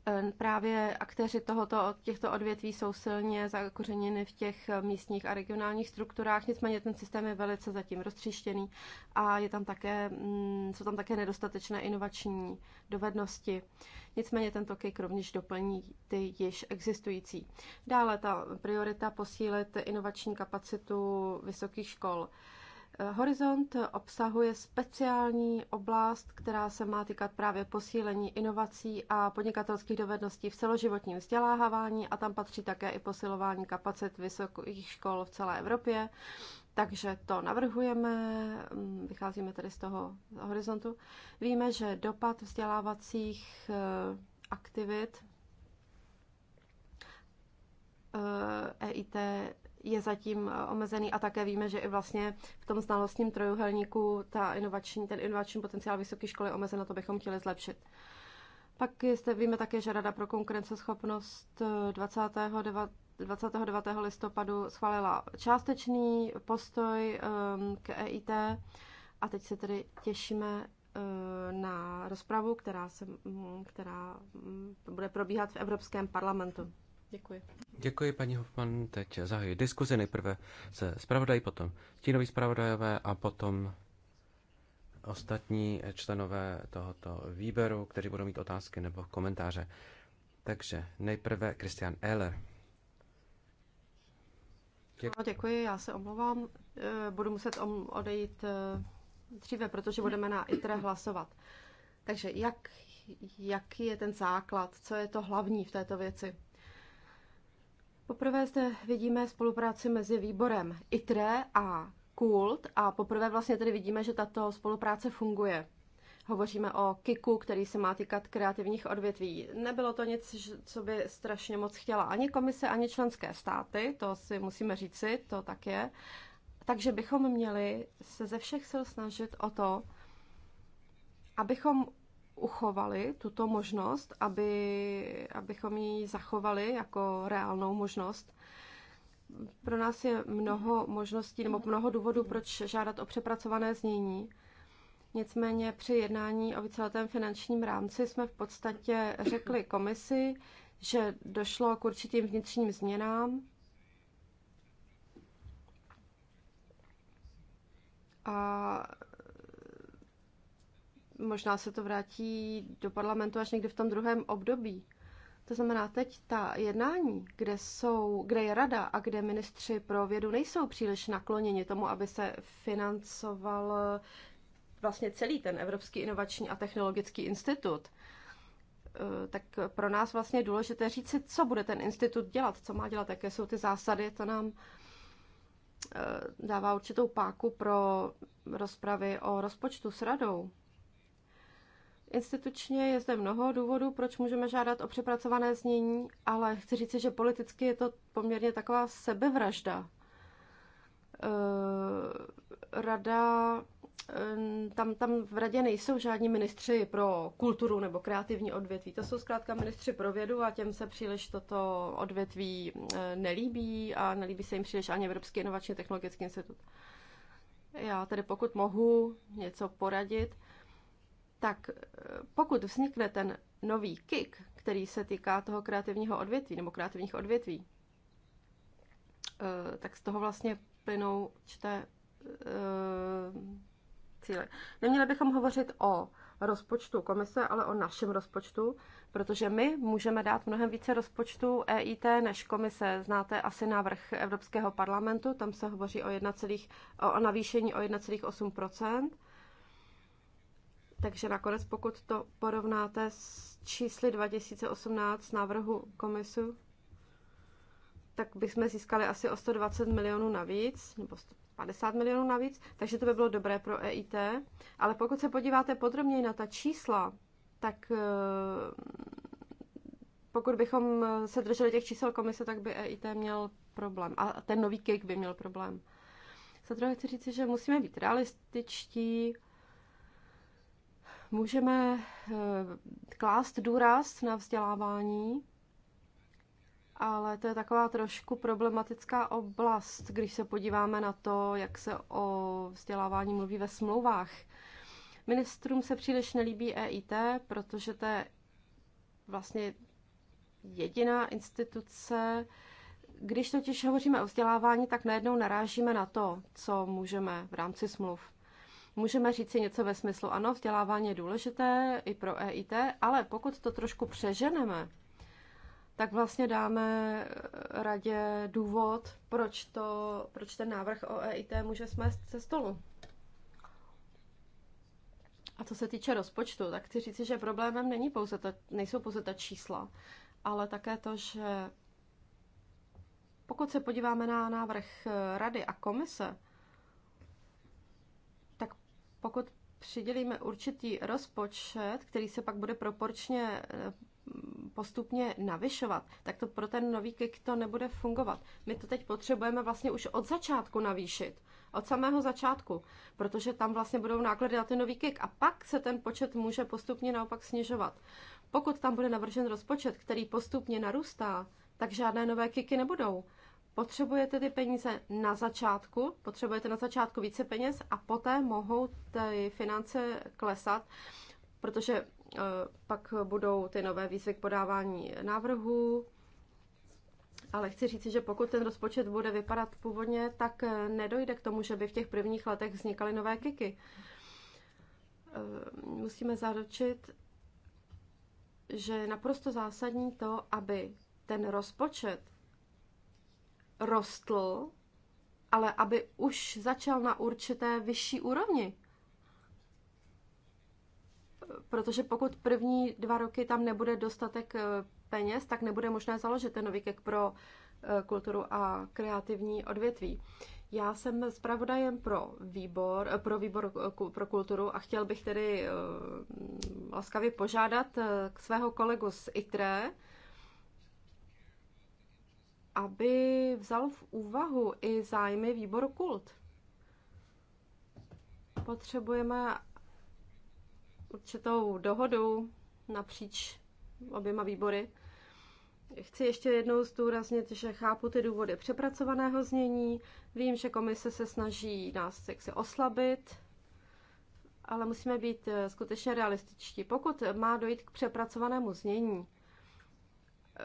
Eh, právě aktéři tohoto, těchto odvětví jsou silně zakořeněny v těch místních a regionálních strukturách, nicméně ten systém je velice zatím roztříštěný a je tam také, mm, jsou tam také nedostatečné inovační dovednosti. Nicméně tento KIK rovněž doplní ty již existující. Dále ta priorita posílit inovační kapacitu vysokých škol. Horizont obsahuje speciální oblast, která se má týkat právě posílení inovací a podnikatelských dovedností v celoživotním vzdělávání a tam patří také i posilování kapacit vysokých škol v celé Evropě. Takže to navrhujeme, mm, vycházíme tedy z toho horizontu. Víme, že dopad vzdělávacích eh, aktivit EIT eh, e je zatím eh, omezený a také víme, že i vlastně v tom znalostním trojuhelníku ta inovační, ten inovační potenciál vysoké školy je omezen, to bychom chtěli zlepšit. Pak jste, víme také, že Rada pro konkurenceschopnost 29. Eh, 29. listopadu schválila částečný postoj ehm, k EIT a teď se tedy těšíme eh, na rozpravu, která, se, která bude probíhat v Evropském parlamentu. Děkuji. Děkuji, paní Hofman. Teď zahajuji diskuzi nejprve se zpravodají, potom tínoví zpravodajové a potom ostatní členové tohoto výběru, kteří budou mít otázky nebo komentáře. Takže nejprve Christian Ehler. Děkuji. děkuji, já se omlouvám. Eh, budu muset odejít eh, dříve, protože budeme na ITRE hlasovat. Takže jak, jaký je ten základ, co je to hlavní v této věci? Poprvé zde vidíme spolupráci mezi výborem ITRE a KULT a poprvé vlastně tedy vidíme, že tato spolupráce funguje. Hovoříme o KIKu, který se má týkat kreativních odvětví. Nebylo to nic, co by strašně moc chtěla ani komise, ani členské státy, to si musíme říci, to tak je. Takže bychom měli se ze všech sil snažit o to, abychom uchovali tuto možnost, aby, abychom ji zachovali jako reálnou možnost. Pro nás je mnoho možností nebo mnoho důvodů, proč žádat o přepracované znění. Nicméně při jednání o víceletém finančním rámci jsme v podstatě řekli komisi, že došlo k určitým vnitřním změnám a možná se to vrátí do parlamentu až někdy v tom druhém období. To znamená, teď ta jednání, kde, jsou, kde je rada a kde ministři pro vědu nejsou příliš nakloněni tomu, aby se financoval eh, vlastně celý ten Evropský inovační a technologický institut, eh, tak pro nás vlastně je důležité říct co bude ten institut dělat, co má dělat, jaké jsou ty zásady, to nám eh, dává určitou páku pro rozpravy o rozpočtu s radou. Institučně je zde mnoho důvodů, proč můžeme žádat o přepracované znění, ale chci říct, že politicky je to poměrně taková sebevražda. Eh, rada, eh, tam, tam v radě nejsou žádní ministři pro kulturu nebo kreativní odvětví. To jsou zkrátka ministři pro vědu a těm se příliš toto odvětví eh, nelíbí a nelíbí se jim příliš ani Evropský inovační technologický institut. Já tedy pokud mohu něco poradit, tak eh, pokud vznikne ten nový kick, který se týká toho kreativního odvětví nebo kreativních odvětví, eh, tak z toho vlastně plynou čte eh, cíle. Neměli bychom hovořit o rozpočtu komise, ale o našem rozpočtu, protože my můžeme dát mnohem více rozpočtu EIT než komise. Znáte asi návrh Evropského parlamentu, tam se hovoří o, 1, o navýšení o 1,8 takže nakonec, pokud to porovnáte s čísly 2018 návrhu komisu, tak bychom získali asi o 120 milionů navíc, nebo 50 milionů navíc, takže to by bylo dobré pro EIT. Ale pokud se podíváte podrobněji na ta čísla, tak eh, pokud bychom se drželi těch čísel komise, tak by EIT měl problém. A ten nový kick by měl problém. Za druhé chci říct, že musíme být realističtí, Můžeme eh, klást důraz na vzdělávání, ale to je taková trošku problematická oblast, když se podíváme na to, jak se o vzdělávání mluví ve smlouvách. Ministrům se příliš nelíbí EIT, protože to je vlastně jediná instituce. Když totiž hovoříme o vzdělávání, tak najednou narážíme na to, co můžeme v rámci smluv. Můžeme říct si něco ve smyslu, ano, vzdělávání je důležité i pro EIT, ale pokud to trošku přeženeme, tak vlastně dáme eh, radě důvod, proč, to, proč ten návrh o EIT může smést ze stolu. A co se týče rozpočtu, tak chci říci, že problémem není pouze ta, nejsou pouze ta čísla, ale také to, že pokud se podíváme na návrh eh, rady a komise, pokud přidělíme určitý rozpočet, který se pak bude proporčně eh, postupně navyšovat, tak to pro ten nový kick to nebude fungovat. My to teď potřebujeme vlastně už od začátku navýšit, od samého začátku, protože tam vlastně budou náklady na ten nový kick a pak se ten počet může postupně naopak snižovat. Pokud tam bude navržen rozpočet, který postupně narůstá, tak žádné nové kiky nebudou. Potřebujete ty peníze na začátku, potřebujete na začátku více peněz a poté mohou ty finance klesat, protože eh, pak budou ty nové výzvy k podávání návrhů, ale chci říct, že pokud ten rozpočet bude vypadat původně, tak eh, nedojde k tomu, že by v těch prvních letech vznikaly nové kiky. Eh, musíme zaručit, že je naprosto zásadní to, aby ten rozpočet rostl, ale aby už začal na určité vyšší úrovni. Protože pokud první dva roky tam nebude dostatek eh, peněz, tak nebude možné založit ten nový kek pro eh, kulturu a kreativní odvětví. Já jsem zpravodajem pro výbor, eh, pro výbor pro kulturu a chtěl bych tedy laskavě požádat k svého kolegu z ITRE, aby vzal v úvahu i zájmy výboru kult. Potřebujeme určitou dohodu napříč oběma výbory. Chci ještě jednou zdůraznit, že chápu ty důvody přepracovaného znění. Vím, že komise se snaží nás jaksi oslabit, ale musíme být eh, skutečně realističtí. Pokud má dojít k přepracovanému znění, Eh,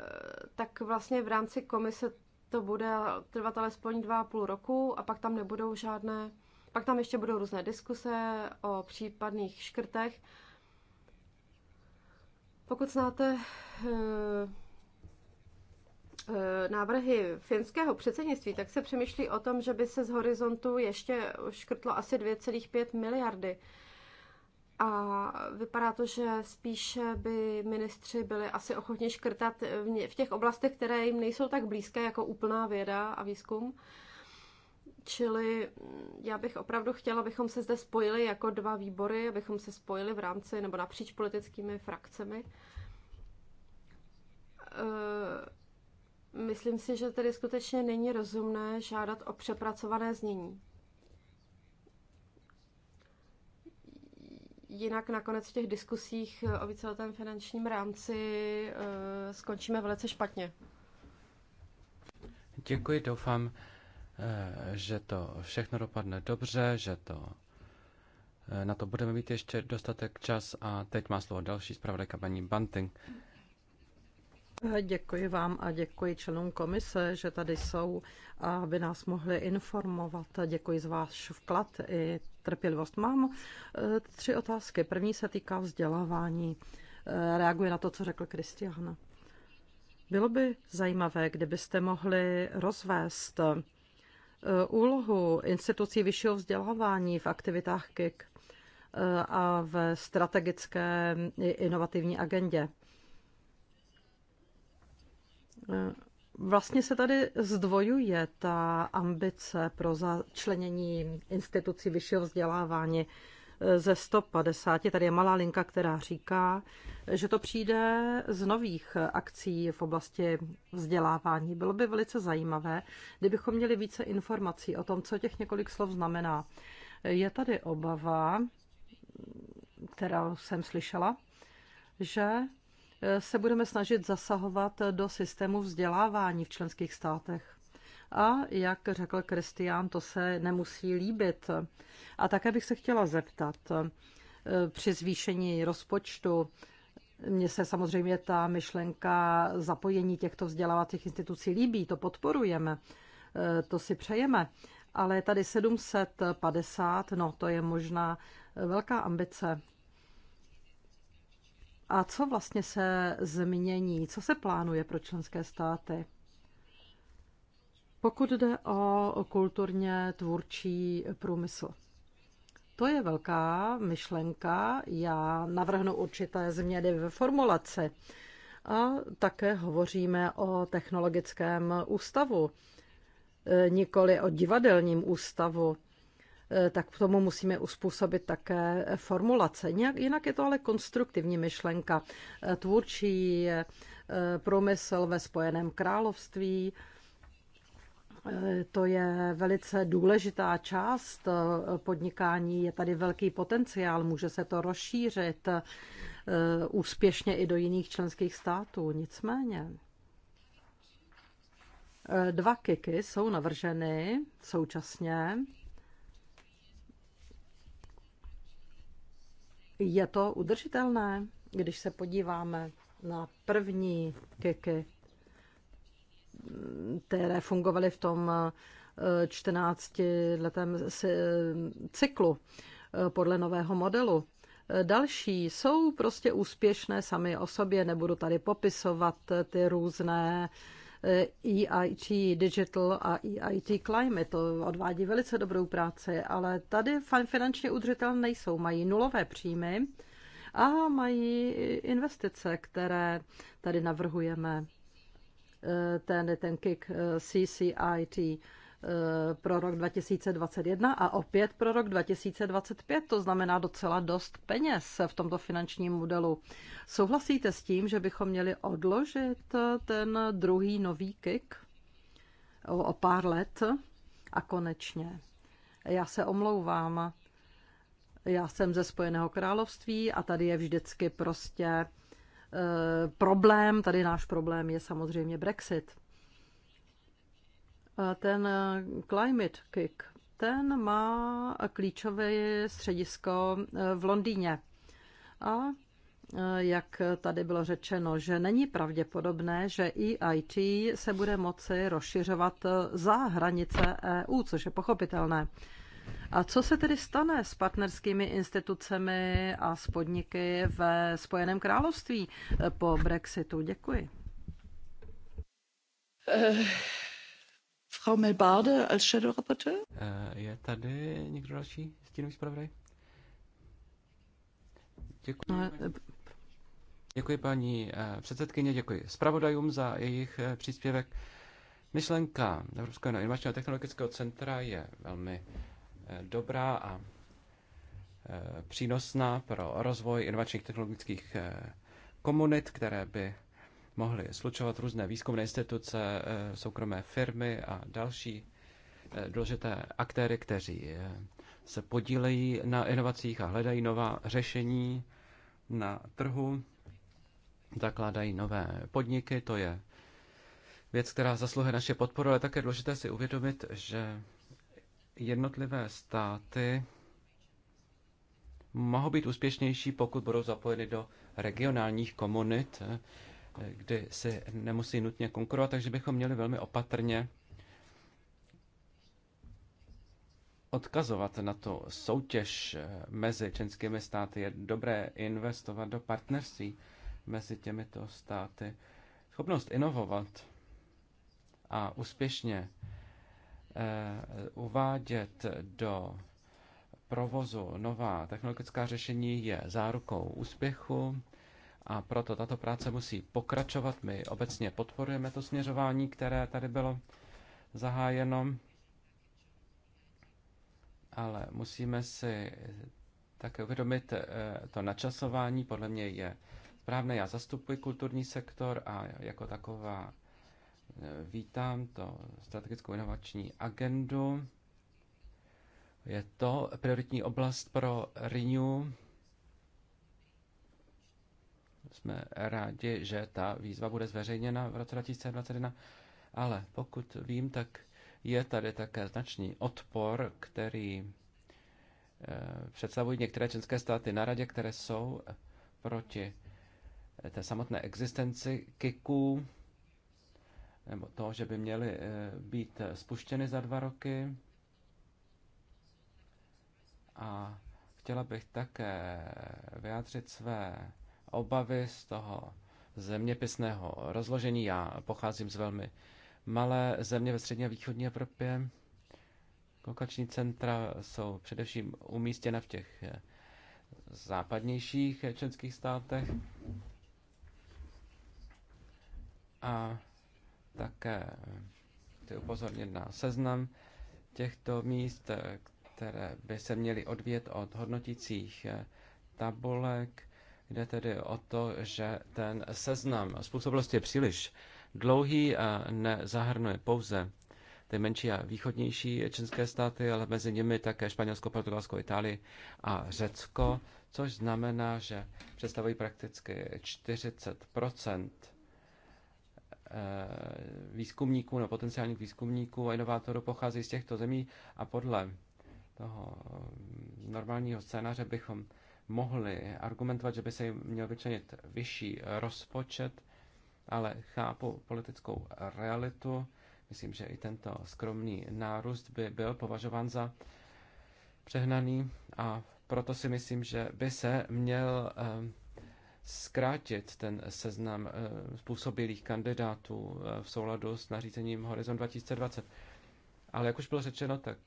tak vlastně v rámci komise to bude trvat alespoň dva a půl roku a pak tam nebudou žádné, pak tam ještě budou různé diskuse o případných škrtech. Pokud znáte eh, eh, návrhy finského předsednictví, tak se přemýšlí o tom, že by se z horizontu ještě škrtlo asi 2,5 miliardy a vypadá to, že spíše by ministři byli asi ochotně škrtat v těch oblastech, které jim nejsou tak blízké jako úplná věda a výzkum. Čili mm, já bych opravdu chtěla, abychom se zde spojili jako dva výbory, abychom se spojili v rámci nebo napříč politickými frakcemi. Eh, myslím si, že tedy skutečně není rozumné žádat o přepracované znění Jinak nakonec v těch diskusích eh, o víceletém finančním rámci eh, skončíme velice špatně. Děkuji, doufám, eh, že to všechno dopadne dobře, že to na to budeme mít ještě dostatek čas a teď má slovo další zpravodajka paní Banting. Děkuji vám a děkuji členům komise, že tady jsou, aby nás mohli informovat. Děkuji za váš vklad i trpělivost. Mám eh, tři otázky. První se týká vzdělávání. Eh, Reaguje na to, co řekl Kristian. Bylo by zajímavé, kdybyste mohli rozvést eh, úlohu institucí vyššího vzdělávání v aktivitách KIK a v strategické inovativní agendě. Eh, vlastně se tady zdvojuje ta ambice pro začlenění institucí vyššího vzdělávání eh, ze 150. Tady je malá linka, která říká, že to přijde z nových eh, akcí v oblasti vzdělávání. Bylo by velice zajímavé, kdybychom měli více informací o tom, co těch několik slov znamená. Je tady obava, kterou jsem slyšela, že se budeme snažit zasahovat do systému vzdělávání v členských státech. A jak řekl Kristián, to se nemusí líbit. A také bych se chtěla zeptat, eh, při zvýšení rozpočtu mně se samozřejmě ta myšlenka zapojení těchto vzdělávacích institucí líbí, to podporujeme, eh, to si přejeme, ale tady 750, no to je možná velká ambice. A co vlastně se změní? Co se plánuje pro členské státy? Pokud jde o kulturně tvůrčí průmysl. To je velká myšlenka. Já navrhnu určité změny ve formulaci. A také hovoříme o technologickém ústavu, nikoli o divadelním ústavu. Eh, tak k tomu musíme uspůsobit také formulace. Nějak, jinak je to ale konstruktivní myšlenka. Eh, tvůrčí eh, průmysl ve Spojeném království, to je velice důležitá část podnikání, je tady velký potenciál, může se to rozšířit úspěšně i do jiných členských států. Nicméně, dva kiky jsou navrženy současně Je to udržitelné, když se podíváme na první keky, které fungovaly v tom 14-letém eh, cyklu eh, podle nového modelu. Eh, další jsou prostě úspěšné sami o sobě, nebudu tady popisovat ty různé uh, EIT eh, e Digital a EIT Climate. To odvádí velice dobrou práci, ale tady finančně udržitelné nejsou. Mají nulové příjmy a mají investice, které tady navrhujeme. Eh, ten, ten KIK eh, CCIT Eh, pro rok 2021 a opět pro rok 2025. To znamená docela dost peněz v tomto finančním modelu. Souhlasíte s tím, že bychom měli odložit ten druhý nový kick o pár let? A konečně, já se omlouvám, já jsem ze Spojeného království a tady je vždycky prostě e, problém, tady náš problém je samozřejmě Brexit. Ten eh, climate kick, ten má klíčové středisko eh, v Londýně. A eh, jak tady bylo řečeno, že není pravděpodobné, že EIT se bude moci rozšiřovat za hranice EU, což je pochopitelné. A co se tedy stane s partnerskými institucemi a s podniky ve Spojeném království po Brexitu? Děkuji. Uh. Frau Melbarde als Shadow Rapporteur? Eh, je tady někdo další stínový zpravodaj? Děkuji. No, eh, děkuji paní eh, předsedkyně, děkuji zpravodajům za jejich příspěvek. Myšlenka Evropského inovačního technologického centra je velmi dobrá a přínosná pro rozvoj inovačních technologických komunit, které by mohli slučovat různé výzkumné instituce, eh, soukromé firmy a další eh, důležité aktéry, kteří eh, se podílejí na inovacích a hledají nová řešení na trhu, zakládají nové podniky, to je věc, která zasluhuje naše podporu, ale také důležité si uvědomit, že jednotlivé státy mohou být úspěšnější, pokud budou zapojeny do regionálních komunit, kdy si nemusí nutně konkurovat, takže bychom měli velmi opatrně odkazovat na tu soutěž mezi členskými státy. Je dobré investovat do partnerství mezi těmito státy. Schopnost inovovat a úspěšně eh, uvádět do provozu nová technologická řešení je zárukou úspěchu a proto tato práce musí pokračovat. My obecně podporujeme to směřování, které tady bylo zahájeno, ale musíme si také uvědomit eh, to načasování. Podle mě je správné. Já zastupuji kulturní sektor a jako taková eh, vítám to strategickou inovační agendu. Je to prioritní oblast pro Renew jsme rádi, že ta výzva bude zveřejněna v roce 2021, ale pokud vím, tak je tady také značný odpor, který eh, představují některé členské státy na radě, které jsou proti eh, té samotné existenci kiků, nebo to, že by měly eh, být spuštěny za dva roky. A chtěla bych také vyjádřit své obavy z toho zeměpisného rozložení. Já pocházím z velmi malé země ve střední a východní Evropě. Kokační centra jsou především umístěna v těch eh, západnějších eh, členských státech a také eh, chci upozornit na seznam těchto míst, které by se měly odvět od hodnotících tabulek Jde tedy o to, že ten seznam způsobilosti je příliš dlouhý a nezahrnuje pouze ty menší a východnější čínské státy, ale mezi nimi také Španělsko, Portugalsko, Itálii a Řecko, což znamená, že představují prakticky 40 eh, výzkumníků nebo potenciálních výzkumníků a inovátorů pochází z těchto zemí a podle toho normálního scénáře bychom mohli argumentovat, že by se jim měl vyčlenit vyšší rozpočet, ale chápu politickou realitu. Myslím, že i tento skromný nárůst by byl považován za přehnaný a proto si myslím, že by se měl eh, zkrátit ten seznam eh, způsobilých kandidátů eh, v souladu s nařízením Horizon 2020. Ale jak už bylo řečeno, tak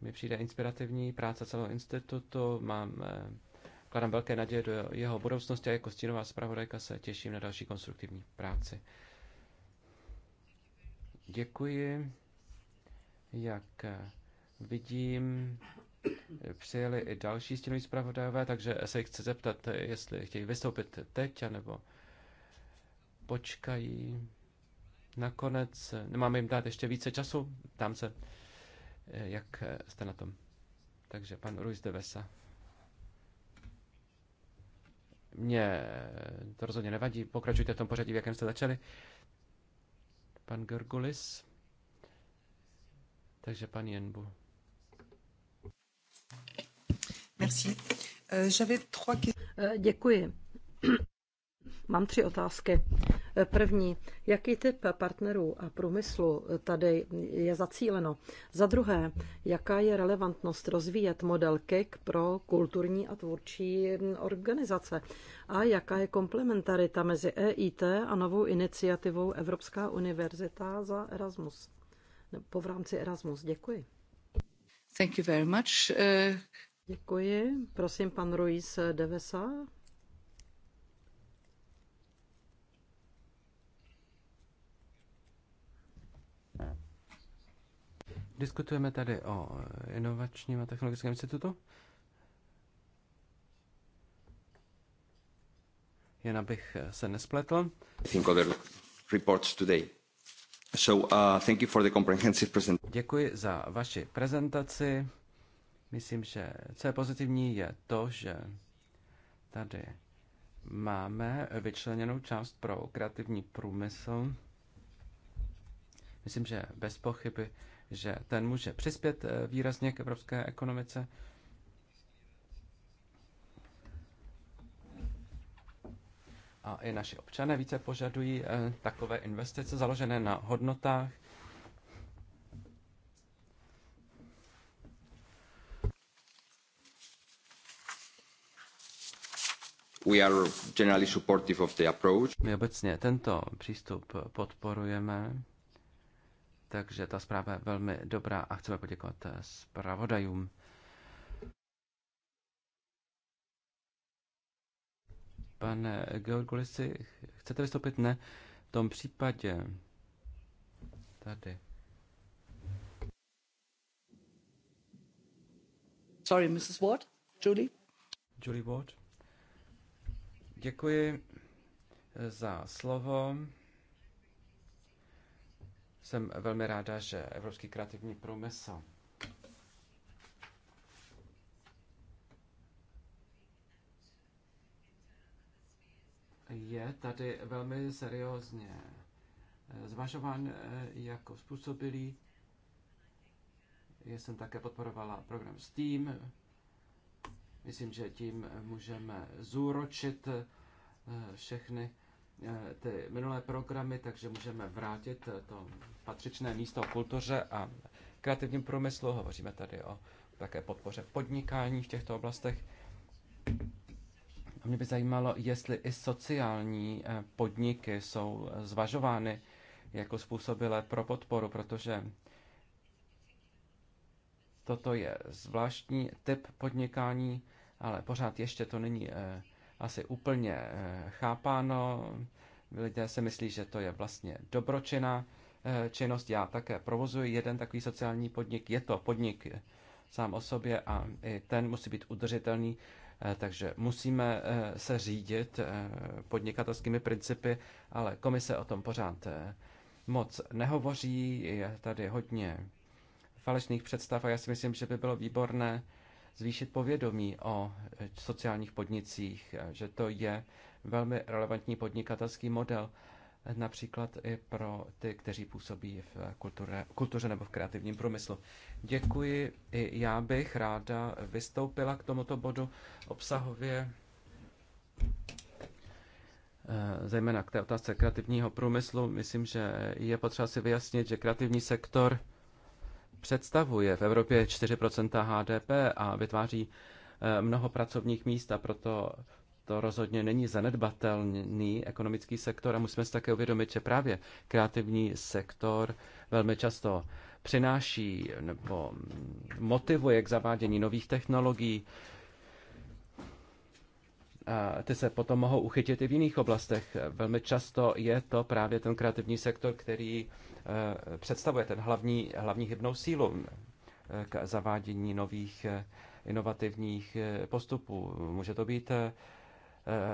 mi přijde inspirativní práce celého institutu, mám Kladám velké naděje do jeho budoucnosti a jako stínová zpravodajka se těším na další konstruktivní práci. Děkuji. Jak eh, vidím, přijeli i další stínoví zpravodajové, takže se jich chci zeptat, eh, jestli chtějí vystoupit teď, anebo počkají. Nakonec, nemáme jim dát ještě více času, tam se, eh, jak jste na tom. Takže pan Ruiz de Vesa mě to rozhodně nevadí. Pokračujte v tom pořadí, v jakém jste začali. Pan Gergulis. Takže pan Jenbu. Merci. Euh, euh, děkuji. Mám tři otázky. První, jaký typ partnerů a průmyslu tady je zacíleno? Za druhé, jaká je relevantnost rozvíjet model KIK pro kulturní a tvůrčí organizace? A jaká je komplementarita mezi EIT a novou iniciativou Evropská univerzita za Erasmus? Po v rámci Erasmus. Děkuji. Thank you very much. Uh... Děkuji. Prosím, pan Ruiz Devesa. Diskutujeme tady o inovačním a technologickém institutu. Jen abych se nespletl. Reports today. So, uh, thank you for the comprehensive Děkuji za vaši prezentaci. Myslím, že co je pozitivní, je to, že tady máme vyčleněnou část pro kreativní průmysl. Myslím, že bez pochyby že ten může přispět eh, výrazně k evropské ekonomice. A i naši občané více požadují eh, takové investice založené na hodnotách. We are generally supportive of the approach. My obecně tento přístup podporujeme. Takže ta zpráva je velmi dobrá a chceme poděkovat zpravodajům. Pane Georgulisi, chcete vystoupit? Ne. V tom případě tady. Sorry, Mrs. Ward? Julie? Julie Ward. Děkuji za slovo jsem velmi ráda, že evropský kreativní průmysl je tady velmi seriózně eh, zvažován eh, jako způsobilý. Já jsem také podporovala program STEAM. Myslím, že tím můžeme zúročit eh, všechny Eh, ty minulé programy, takže můžeme vrátit eh, to patřičné místo kultuře a kreativním průmyslu. Hovoříme tady o také podpoře podnikání v těchto oblastech. A mě by zajímalo, jestli i sociální eh, podniky jsou zvažovány jako způsobilé pro podporu, protože toto je zvláštní typ podnikání, ale pořád ještě to není asi úplně eh, chápáno. Lidé si myslí, že to je vlastně dobročina eh, činnost. Já také provozuji jeden takový sociální podnik. Je to podnik sám o sobě a i ten musí být udržitelný, eh, takže musíme se řídit podnikatelskými principy, ale komise o tom pořád moc nehovoří. Je tady hodně falešných představ a já si myslím, že by bylo výborné zvýšit povědomí o e, sociálních podnicích, e, že to je velmi relevantní podnikatelský model, e, například i pro ty, kteří působí v kultuře, kultuře nebo v kreativním průmyslu. Děkuji, i já bych ráda vystoupila k tomuto bodu obsahově, zejména k té otázce kreativního průmyslu. Myslím, že je potřeba si vyjasnit, že kreativní sektor představuje v Evropě 4 HDP a vytváří eh, mnoho pracovních míst a proto to rozhodně není zanedbatelný ekonomický sektor a musíme si také uvědomit, že právě kreativní sektor velmi často přináší nebo mm, motivuje k zavádění nových technologií, a ty se potom mohou uchytit i v jiných oblastech. Velmi často je to právě ten kreativní sektor, který eh, představuje ten hlavní, hlavní hybnou sílu eh, k zavádění nových eh, inovativních postupů. Může to být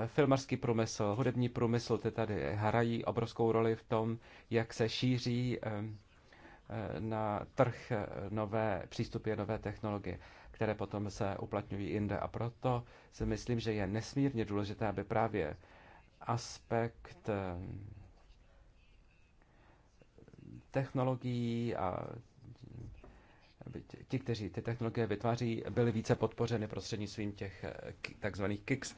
filmarský průmysl, hudební průmysl, ty tady hrají obrovskou roli v tom, jak se šíří na trh nové přístupy, nové technologie které potom se uplatňují jinde. A proto si myslím, že je nesmírně důležité, aby právě aspekt eh, technologií a ti, kteří ty technologie vytváří, byli více podpořeny prostřednictvím těch eh, takzvaných KICS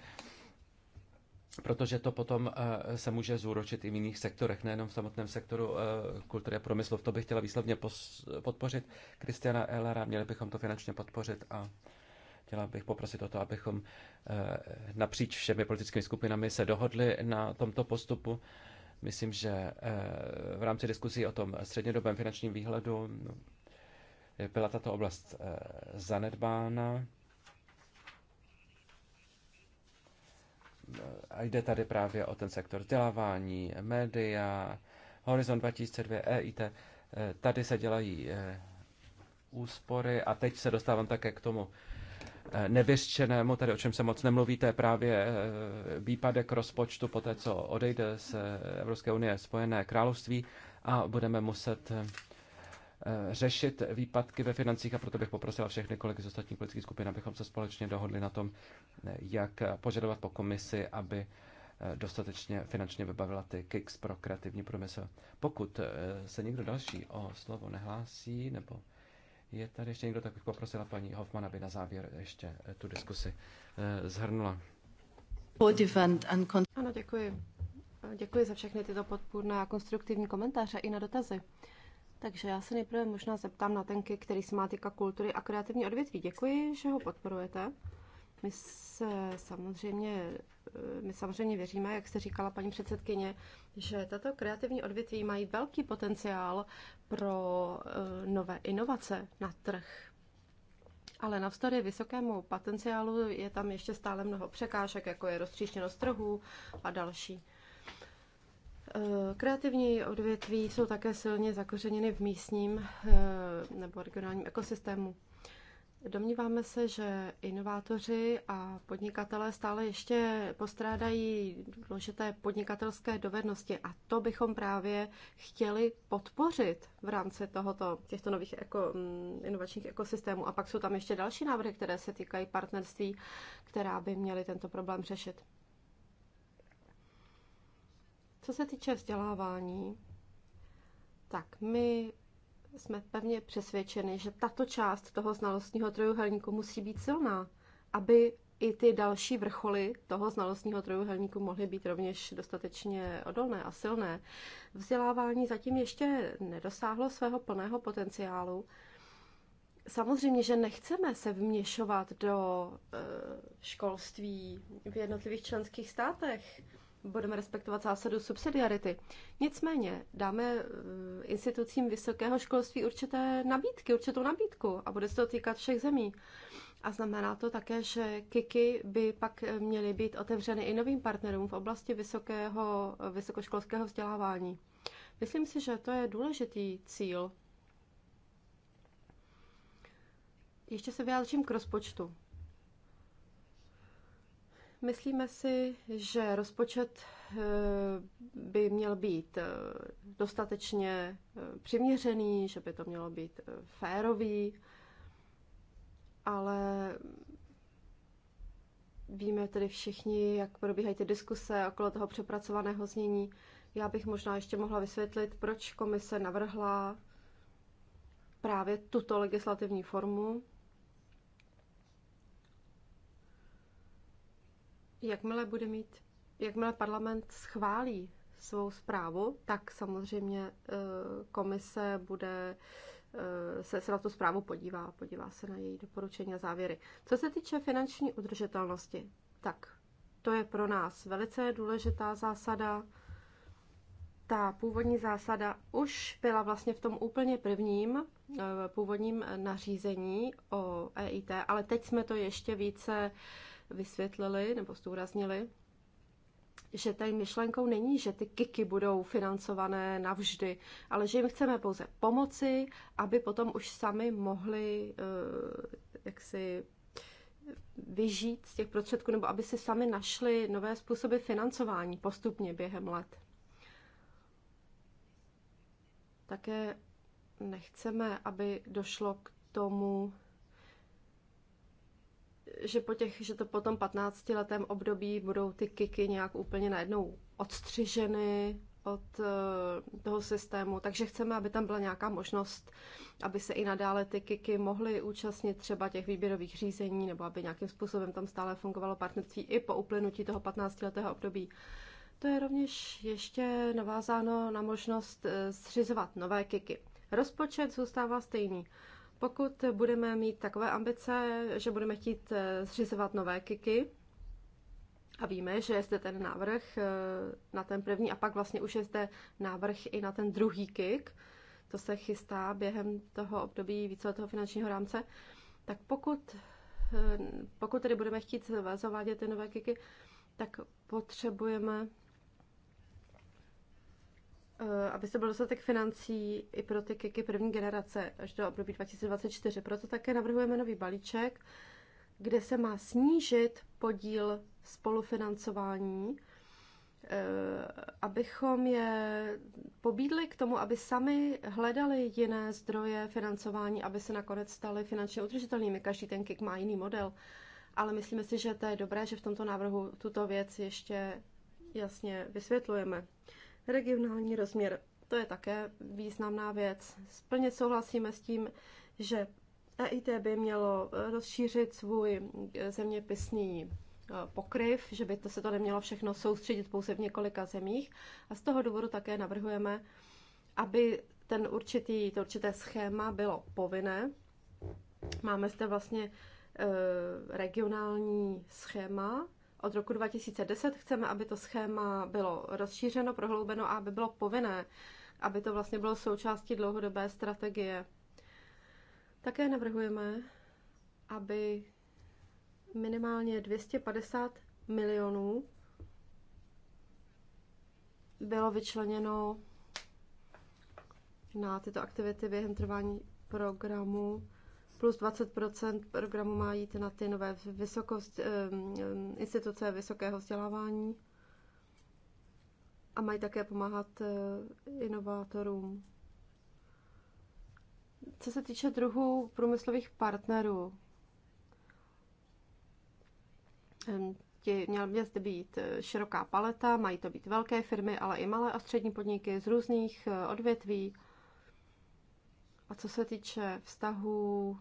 protože to potom eh, se může zúročit i v jiných sektorech, nejenom v samotném sektoru eh, kultury a průmyslu. V to bych chtěla výslovně podpořit Kristiana Ellera, měli bychom to finančně podpořit a chtěla bych poprosit o to, abychom eh, napříč všemi politickými skupinami se dohodli na tomto postupu. Myslím, že v rámci diskusí o tom střednědobém finančním výhledu no, byla tato oblast zanedbána. a jde tady právě o ten sektor vzdělávání, média, Horizon 2002, EIT. Eh, tady se dělají eh, úspory a teď se dostávám také k tomu eh, nevyřčenému, tady o čem se moc nemluví, to je právě výpadek rozpočtu po té, co odejde z Evropské unie Spojené království a budeme muset Eh, řešit výpadky ve financích a proto bych poprosila všechny kolegy z ostatních politických skupin, abychom se společně dohodli na tom, eh, jak požadovat po komisi, aby eh, dostatečně finančně vybavila ty kicks pro kreativní průmysl. Pokud se někdo další o slovo nehlásí, nebo je tady ještě někdo, tak bych poprosila paní Hoffman, aby na závěr ještě tu diskusi zhrnula. Ano, děkuji. Děkuji za všechny tyto podpůrné a konstruktivní komentáře i na dotazy. Takže já se nejprve možná zeptám na ten KIK, který se má týka kultury a kreativní odvětví. Děkuji, že ho podporujete. My se samozřejmě, eh, my samozřejmě věříme, jak jste říkala paní předsedkyně, že tato kreativní odvětví mají velký potenciál pro eh, nové inovace na trh. Ale navzdory vysokému potenciálu je tam ještě stále mnoho překážek, jako je roztříštěnost trhů a další. Eh, kreativní odvětví jsou také silně zakořeněny v místním eh, nebo regionálním ekosystému. Domníváme se, že inovátoři a podnikatelé stále ještě postrádají důležité podnikatelské dovednosti a to bychom právě chtěli podpořit v rámci tohoto, těchto nových eko, mm, inovačních ekosystémů. A pak jsou tam ještě další návrhy, které se týkají partnerství, která by měly tento problém řešit. Co se týče vzdělávání, tak my jsme pevně přesvědčeni, že tato část toho znalostního trojuhelníku musí být silná, aby i ty další vrcholy toho znalostního trojuhelníku mohly být rovněž dostatečně odolné a silné. Vzdělávání zatím ještě nedosáhlo svého plného potenciálu. Samozřejmě, že nechceme se vměšovat do eh, školství v jednotlivých členských státech budeme respektovat zásadu subsidiarity. Nicméně dáme eh, institucím vysokého školství určité nabídky, určitou nabídku a bude se to týkat všech zemí. A znamená to také, že KIKy by pak měly být otevřeny i novým partnerům v oblasti vysokého, vysokoškolského vzdělávání. Myslím si, že to je důležitý cíl. Ještě se vyjádřím k rozpočtu. Myslíme si, že rozpočet eh, by měl být eh, dostatečně eh, přiměřený, že by to mělo být férový, ale víme tedy všichni, jak probíhají ty diskuse okolo toho přepracovaného znění. Já bych možná ještě mohla vysvětlit, proč komise navrhla právě tuto legislativní formu, Jakmile bude mít, jakmile parlament schválí svou zprávu, tak samozřejmě eh, komise bude eh, se, se na tu zprávu podívá, podívá se na její doporučení a závěry. Co se týče finanční udržitelnosti, tak to je pro nás velice důležitá zásada. Ta původní zásada už byla vlastně v tom úplně prvním eh, původním nařízení o EIT, ale teď jsme to ještě více uh, vysvětlili nebo zdůraznili, že tady myšlenkou není, že ty kiky budou financované navždy, ale že jim chceme pouze pomoci, aby potom už sami mohli eh, jaksi vyžít z těch prostředků, nebo aby si sami našli nové způsoby financování postupně během let. Také nechceme, aby došlo k tomu, že, po těch, že to po tom 15 letém období budou ty kiky nějak úplně najednou odstřiženy od eh, toho systému. Takže chceme, aby tam byla nějaká možnost, aby se i nadále ty kiky mohly účastnit třeba těch výběrových řízení, nebo aby nějakým způsobem tam stále fungovalo partnerství i po uplynutí toho 15-letého období. To je rovněž ještě navázáno na možnost eh, zřizovat nové kiky. Rozpočet zůstává stejný. Pokud budeme mít takové ambice, že budeme chtít eh, zřizovat nové kiky, a víme, že je zde ten návrh eh, na ten první a pak vlastně už je zde návrh i na ten druhý kick, to se chystá během toho období víceletého finančního rámce, tak pokud, eh, pokud tedy budeme chtít zavádět ty nové kiky, tak potřebujeme Eh, aby se byl dostatek financí i pro ty kiky první generace až do období 2024. Proto také navrhujeme nový balíček, kde se má snížit podíl spolufinancování, eh, abychom je pobídli k tomu, aby sami hledali jiné zdroje financování, aby se nakonec stali finančně udržitelnými. Každý ten KIK má jiný model, ale myslíme si, že to je dobré, že v tomto návrhu tuto věc ještě jasně vysvětlujeme. Regionální rozměr, to je také významná věc. Splně souhlasíme s tím, že EIT by mělo rozšířit svůj eh, zeměpisný eh, pokryv, že by to se to nemělo všechno soustředit pouze v několika zemích. A z toho důvodu také navrhujeme, aby ten určitý, to určité schéma bylo povinné. Máme zde vlastně eh, regionální schéma od roku 2010 chceme, aby to schéma bylo rozšířeno, prohloubeno a aby bylo povinné, aby to vlastně bylo součástí dlouhodobé strategie. Také navrhujeme, aby minimálně 250 milionů bylo vyčleněno na tyto aktivity během trvání programu plus 20 programu má jít na ty nové vysokost, eh, eh, instituce vysokého vzdělávání a mají také pomáhat eh, inovátorům. Co se týče druhů průmyslových partnerů, měl by zde být široká paleta, mají to být velké firmy, ale i malé a střední podniky z různých odvětví. A co se týče vztahů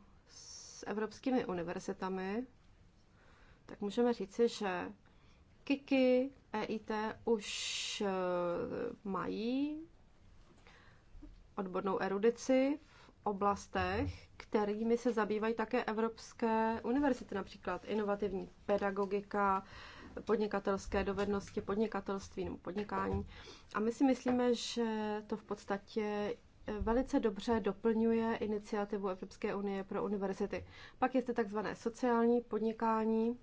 s evropskými univerzitami, tak můžeme říci, že KIKY, EIT už eh, mají odbornou erudici v oblastech, kterými se zabývají také evropské univerzity, například inovativní pedagogika, podnikatelské dovednosti, podnikatelství nebo podnikání. A my si myslíme, že to v podstatě velice dobře doplňuje iniciativu Evropské unie pro univerzity. Pak je zde takzvané sociální podnikání.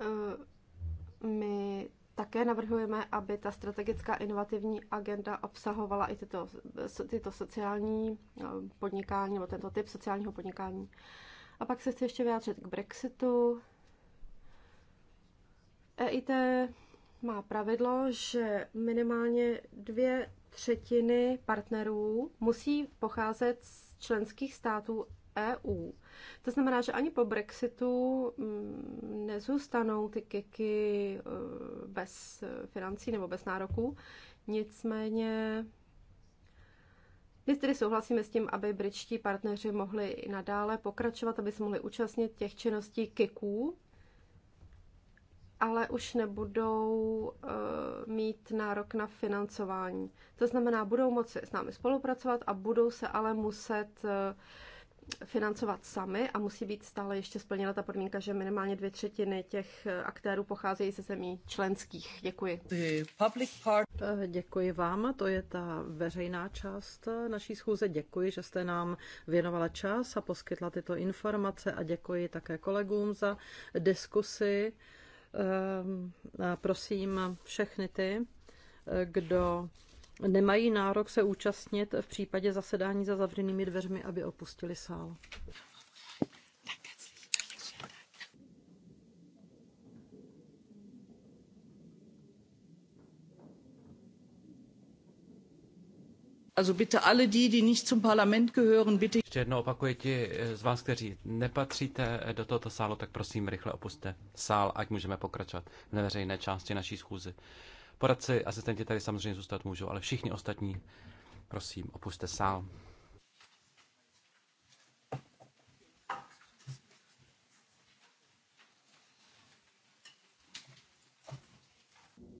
Eh, my také navrhujeme, aby ta strategická inovativní agenda obsahovala i tyto, tyto sociální eh, podnikání, nebo tento typ sociálního podnikání. A pak se chci ještě vyjádřit k Brexitu. EIT má pravidlo, že minimálně dvě třetiny partnerů musí pocházet z členských států EU. To znamená, že ani po Brexitu mm, nezůstanou ty kiky e, bez financí nebo bez nároků. Nicméně my tedy souhlasíme s tím, aby britští partneři mohli i nadále pokračovat, aby se mohli účastnit těch činností kiků ale už nebudou eh, mít nárok na financování. To znamená, budou moci s námi spolupracovat a budou se ale muset eh, financovat sami a musí být stále ještě splněna ta podmínka, že minimálně dvě třetiny těch eh, aktérů pocházejí ze zemí členských. Děkuji. Part... Děkuji vám, to je ta veřejná část naší schůze. Děkuji, že jste nám věnovala čas a poskytla tyto informace a děkuji také kolegům za diskusy. Ehm, prosím všechny ty, eh, kdo nemají nárok se účastnit v případě zasedání za zavřenými dveřmi, aby opustili sál. Also bitte alle die, die nicht zum Parlament gehören, bitte. Ještě jednou opakuji ti z vás, kteří nepatříte do tohoto sálu, tak prosím rychle opuste sál, ať můžeme pokračovat v neveřejné části naší schůzy. Poradci, asistenti tady samozřejmě zůstat můžou, ale všichni ostatní, prosím, opuste sál.